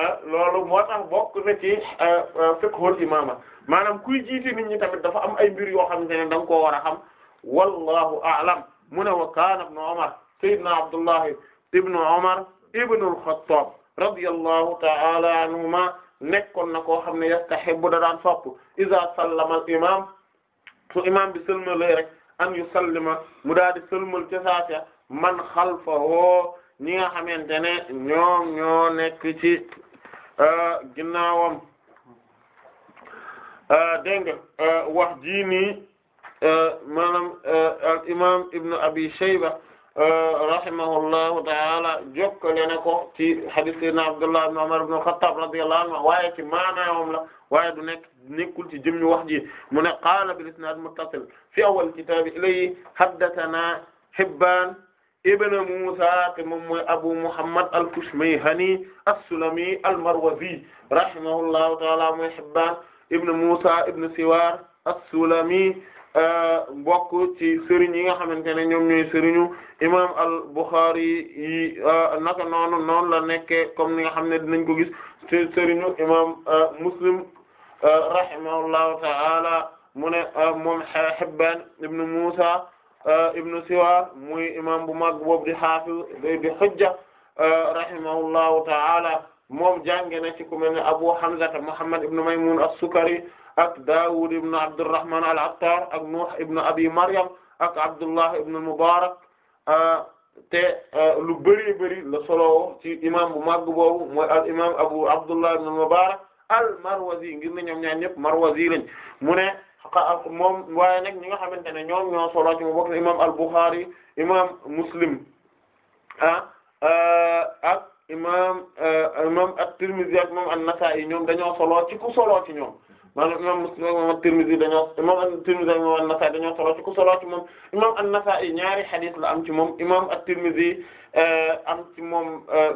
eh, loolu moo tax bokk na ci eh, fiqhul imaama maanaam kuy jiite nit ñi tamit dafa am ay mbir yoo xamante ne da nga koo war a xam wallahu a'lam mu ne wa kaana ibnu Umar sayyidna Abdullahi ibnu Umar ibnu al-Khattab radiyallahu ta'ala anhuma nekkoon na koo xam ne yastahibu da daan sopp iza sallama al imam su imam bi sëlmalee mu daal di sëlmal ca man xalfahoo ñi nga xamante ne ñoom ñoo nekk ci euh, ginnaawam euh, dégg nga euh, wax jii nii maanaam al imam Ibn Abi Shayba rahimahullahu taala jokkale na ko ci hadith sayyidina Abdullah ibn Umar ibn Khattab radiyallahu anhu waaye ci maanaawam la waaye du nekk nekkul ci jëmmi wax ji mu ne qaala bil isnad muttasil fi awwal kitaab ilayhi haddathana Hibbaan ibn Musa te moom mooy Abu Muhammad al-Kushmayhani as-Sulami al-Marwazi rahimahullahu ta'ala mooy Hibban ibn Musa ibn Siwar as-Sulami euh, bokk ci sëriñ yi nga xamante ne ñoom ñooy sëriñu imam al-Bukhari yi euh, naka noonu noonu la nekke comme ni nga xam ne dinañ ko gis ci imam euh, Muslim rahimahullahu ta'ala mu ne moom Hibban ibn Musa Euh, ibnu Siwa muy imam bu mag boobu di xaafiz di hujja euh, rahimahullahu ta'ala moom jànge na ci ku mel ne Abu Hamza Muhammad ibnu Maymun as-Sukari ak Dawud ibnu Abdurrahman al-Attar ak Nuh ibnu Abi Maryam ak Abdullah ibnu euh, solo ci imam bu mag boobu mooy al imam Abu Abdullah ibnu Mubarak al-Marwazi ngir ne ñoom ñaar ñëpp Marwazi lañ mu ne moom waaye nag ñi nga xamante ne ñoom ñoo solo ci mu bokk na imam al-Bukhari imam Muslim ah eh, ak imam eh, imam at-Tirmidhi ak nasai ñoom dañoo solo ci ku solo ci ñoom maanaam imam dañoo imam at nasai dañoo solo ci ku ñaari hadith la am ci moom imam at-Tirmidhi eh, am ci moom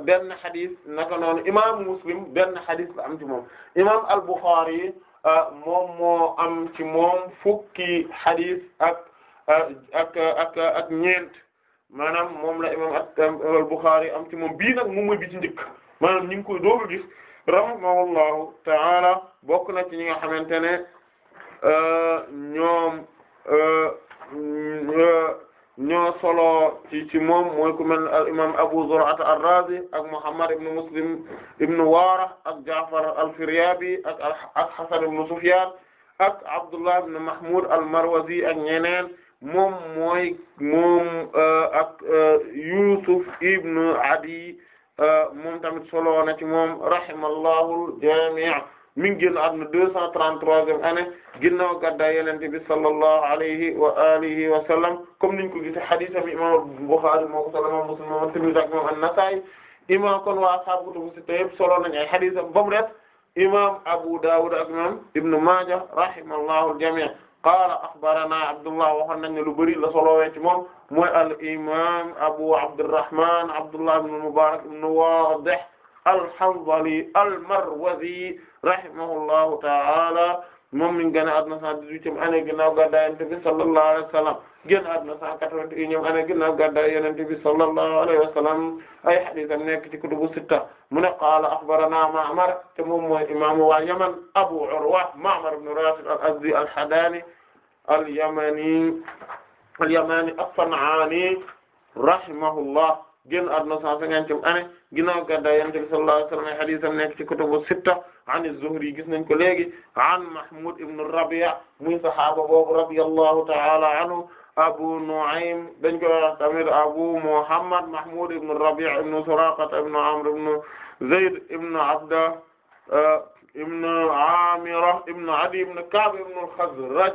benn hadith naka noonu imam Muslim benn la am ci moom imam al-Bukhari Ah, moom moo am ci moom fukki xadis ak ah, ak ak ñeent maanaam moom la um, imam al-Bukhari am ci moom bii nag moom mooy bi ci njëkk maanaam ñu ngi koy doog a gis rahimahullahu ta'ala bokk na ci ñi nga xamante ne ah, ñoom ñoo solo ci ci moom mooy ku mel al imam Abu Zur'at ar-Razi ak Muhammad ibn Muslim ibn Wara ak Ja'far al-Firyabi ak ak Hasan ibn Sufyan ak Abdullah ibn Mahmud al-Marwazi ak ñeneen moom mooy moom euh, ak euh, Yusuf ibn Adi euh, moom tamit solo na ci moom rahimallahu al-jami' mi ngi génn àdduna deux cent trente-troisième année ginnaaw gàddaay yonent bi sallallahu alayhi wa alihi wa a comme niñ ko gisee hadith am imam Bukhari moo ko solo moom Muslim a Tirmidhi ak moom An-Nasa'i imam kon waa ashaabu kutubu sitta yëpp solo nañ ay hadith am ba mu def imam Abu Dawud ak imam Ibn Maaja rahimahullahu al-jami' qaala akhbarana Abu Abdullah ibn al-Mubarak ibn al-Hanzali al-Marwazi rahimahullahu ta'ala moom mi ngi génn àdduna 118e année ginnaaw gàddaay Yonent bi sallallahu alayhi wa sallam génn àdduna 181e année ginnaaw gàddaay Yonent bi sallallahu alayhi wa sallam ay hadiisam nekk ci kutubu sitta mu ne qaala axbaranaa Ma'mar te moom mooy imaamu waa Yaman Abu Urwa Ma'mar ibn Rashid al-Azdi al-Hadaani al-Yamani al-Yamani as-San'aani rahimahullah génn àdduna 150e année ginnaaw gàddaay Yonent bi sallallahu alayhi wa sallam ay hadiisam nekk ci kutubu sitta an az-Zuhri gis nañ ko léegi an Mahmud ibn Rabi' muy sahaaba boobu radiyallahu ta'ala anhu Abu Nu'aym dañ ko tamit Abu Muhammad Mahmud ibn Rabi' ibn Suraqa ibn Amr ibn Zayd ibn Abda eh, ibn Amira ibn Adi ibn Ka'b ibn al-Khazraj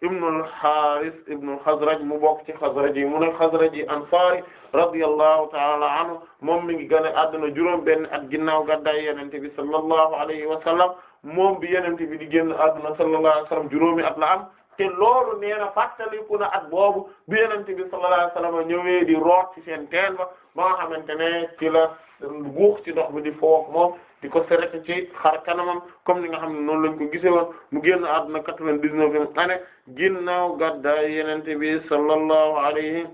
ibn al-Harith ibn al-Khazraj mu bokk ci Khazraj yi mu ne Khazraj yi Ansari radiyallahu ta'ala anhu moom mi ngi gane adduna juróom benn at ginnaaw gàddaay yenente bi sallallahu alayhi wa sallam moom bi yenente bi di génn adduna sallallahu alayhi wa sallam at la am te loolu nee na na at boobu bi yenente bi sallallahu alayhi wa sallam ñëwee di root ci seen teen ba ba nga xamante ne ci la guux ci ndox mi di foofu moom di ko serete ci xar kanamam comme ni nga xam ne noonu lañ ko gisee woon mu génn adduna quatre-vingt-dix-neuvième année ginnaaw gàddaay yenente bi sallallahu alayhi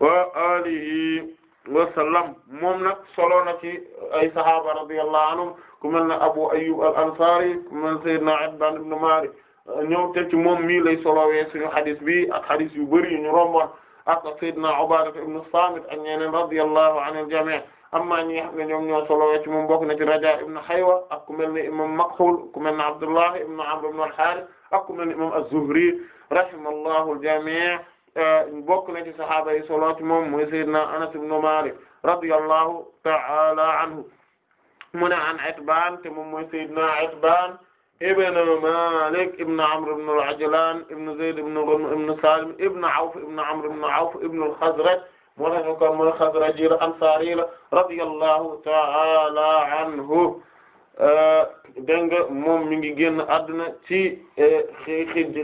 wa alihi wa sallam moom nag solo na ci ay sahaaba radiyallahu anhum ku mel ne Abu Ayyub al-Ansari ku mel ne Sayyidina Itbaan ibn Maalik ñëw te ci moom mii lay solowee suñu xadis bi ak xadis yu bëri yu ñu romboon ak Sayyidina Ubaada ibn Saamit ak ñeneen radiyallahu anil jamii' amma ñi nga xam ne ñoom ñoo solowee ci moom bokk na ci Rajaa ibn Haywa ak ku mel ne imam Makxuul ku mel ne Abdullahi ibn Amr ibn al-Haarith ak ku mel ne imam az-Zuhri rahimallahu al-jamii' Eh, bokk na ci sahaaba yi solo ci moom mooy sayyidina Anas ibn Malik radiyallahu ta'ala anhu mu ne an Itbaan te moom mooy sayyidina Itbaan ibn Malik ibn Amr ibn al-Ajlan ibn Zayd ibn Ghunm ibn Salim ibn Awf ibn Amr ibn Awf ibn al-Khazraj moo tax ñu ko mooy Khazraji la Ansaari la radiyallahu ta'ala anhu eh, dégg nga moom mi ngi génn àdduna ci eh,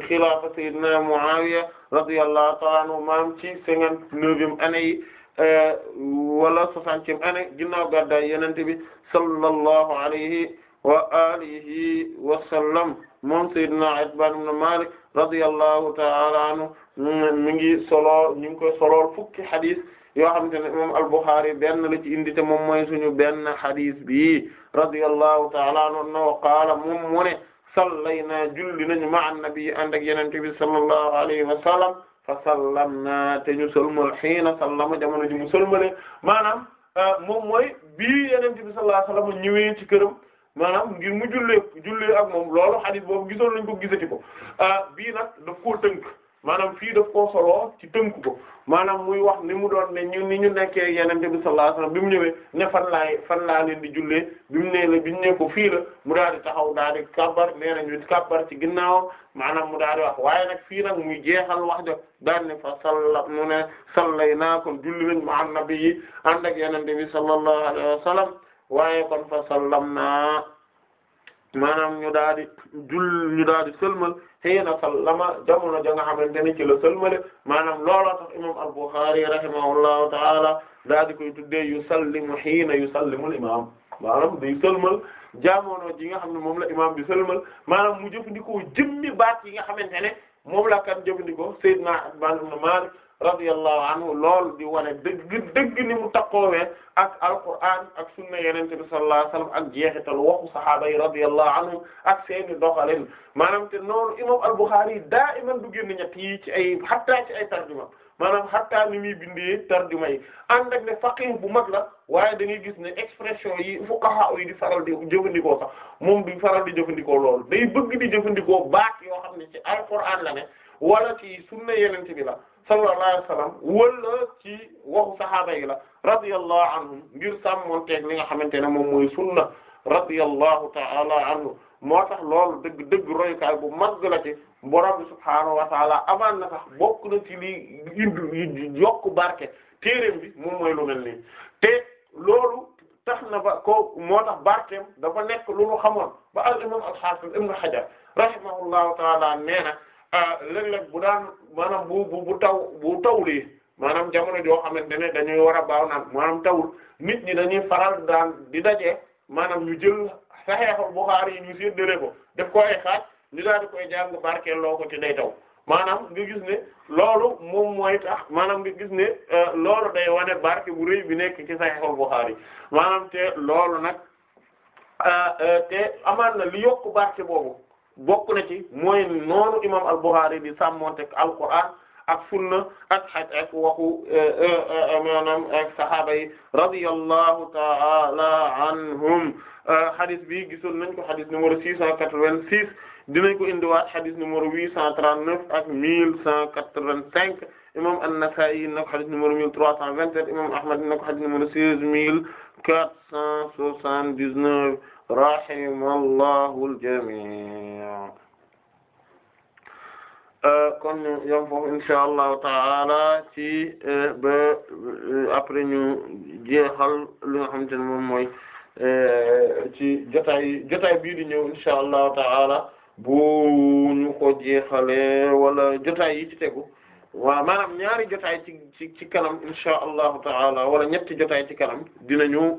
xilaafa sayyidina Muawiya radiyallahu ta'ala anhu maam ci cinquante-neuvième année yi euh, wala soixantième année ginnaaw gàddaay yenente bi sallallahu alayhi wa alihi wa sallam moom sayyidina Itbaan ibn Maalik radiyallahu ta'ala anhu mi ngi solo ñu ngi koy solool fukki xadis yoo xamante ne imam al-Bukhari benn la ci indi te moom mooy suñu benn xadis bi radiyallahu ta'ala anhu wa qaala moom mu ne sallaynaa julli nañu ma annabi ànd ak yenente bi sallallahu alayhi wa sallam fa sallamnaa te ñu sëlmal xiina sallama jamono ji mu sëlmale maanaam euh, moom mooy bii yenente bi sallallahu alayhi wa sallam ñëwee ci këram maanaam ngir mu jullee jullee ak moom loolu hadith boobu gisoon lañ ko gisati ko euh, bii nag daf koo tënk maanaam fii daf koo soloo ci tënku ko maanaam muy wax ni mu doon ne ñu ni ñu nekkee yenente bi sallallahu alayhi wasallam bi mu ñëwee ne fan laa leen di jullee bi mu nee ñu ko fii mu daal di taxaw daal di kàbbar nee ñu kàbbar ci ginnaawam maanaam mu daal di wax waaye nag fii nag muy jeexal wax ja daan ne fa salla mu ne sallay naa kon julli nañ ma an nabi yi ànd ak bi sallallahu alayhi wasallam waaye kon fa sallam naa maanaam ñu daal di jull ñu daal di sëlmal xëy na sallama jamono ja nga xamante ne ci la sëlmale maanaam looloo tax imam al-Bukhari rahimahullahu taala daal di koy tuddee yu sallimu xiina yu sallimul imam maanaam day sëlmal jamono ji nga xam ne moom la imam bi sëlmal maanaam mu jëfandikoo jëmmi baat yi nga xamante ne moom la kan jëfandikoo Seydina Anas ibn Maalik radiyallahu anhu loolu di wane dëgg dëgg ni mu takkoowee ak alquran ak sunna yenente bi sallallahu alayhi wasallam ak jeexital waxu sahaaba yi radiyallahu anhum ak seeni doxalin maanaam te noonu imam al-Bukhari yi daa iman du génn ñett yi ci ay xattaa ci ay tarjuma maanaam xattaa ni muy bindee tarjuma yi ànd ak ne faqih bu mag la waaye da ngay gis ne expression yi fuqaha yi di faral di jëfandikoo sax moom du faral di jëfandikoo loolu day bëgg di jëfandikoo baat yoo xam ne ci alquran la ne wala ci sunna yenente bi la sallallahu alayhi wa sallam wala ci waxu sahaaba yi la radiyallahu anhum ngir sàmmonteeg li nga xamante ne moom mooy sunna radiyallahu ta'ala anhu moo tax loolu dëgg dëgg royukaay bu mag la ci borom bi subhaanahu wa taala amaan na sax bokk na ci lii indi yokk barke téeréem bi moom mooy lu mel nii te loolu tax na ba ko moo tax barkeem dafa nekk lu mu xamoon ba al imam al hafiz ibn hajar rahimahullahu taala nee na Ah, léeg-léeg bu daan maanaam bu bu bu taw bu tawlee maanaam jamono joo xamante ne dañuy war a baaw naan maanaam tawul nit ñi dañuy faral daan di daje maanaam ñu jël Sahîh Bukhârî yi ñu séddale ko def ko ay xaaj ñu daal koy jàng barkeel loo ko ci day taw maanaam nga gis ne loolu moom mooy tax maanaam nga gis ne euh, loolu day wane barke bu rëy bi nekk ci Sahîh Bukhârî maanaam te loolu nag euh, euh, te amaan na li yokk barke boobu. bokk na ci mooy noonu imam al-Bukhari di sàmmonte al-Qur'an ak sunna ak xaj ak waxu eh, eh, eh, maanaam ak sahaaba yi radiyallahu ta'ala anhum xadis bi gisoon nañ ko xadis numéro 686 dinañ ko indiwaat xadis numéro 839 ak 1185 imam an-Nasa'i na ko xadis numéro 1327 imam Ahmad na ko xadis numéro 16479 rahimallahu al-jamii' euh, kon ñu yom foofu insha allahu taala ci euh, ba euh, après ñu jeexal li nga xamante ne moom mooy ci jotaay jotaay bii di ñëw insha allahu taala bu ñu ko jeexalee wala jotaay yi ci tegu waaw maanaam ñaari jotaay ci ci ci kanam insha allahu taala wala ñetti jotaay ci kanam dinañu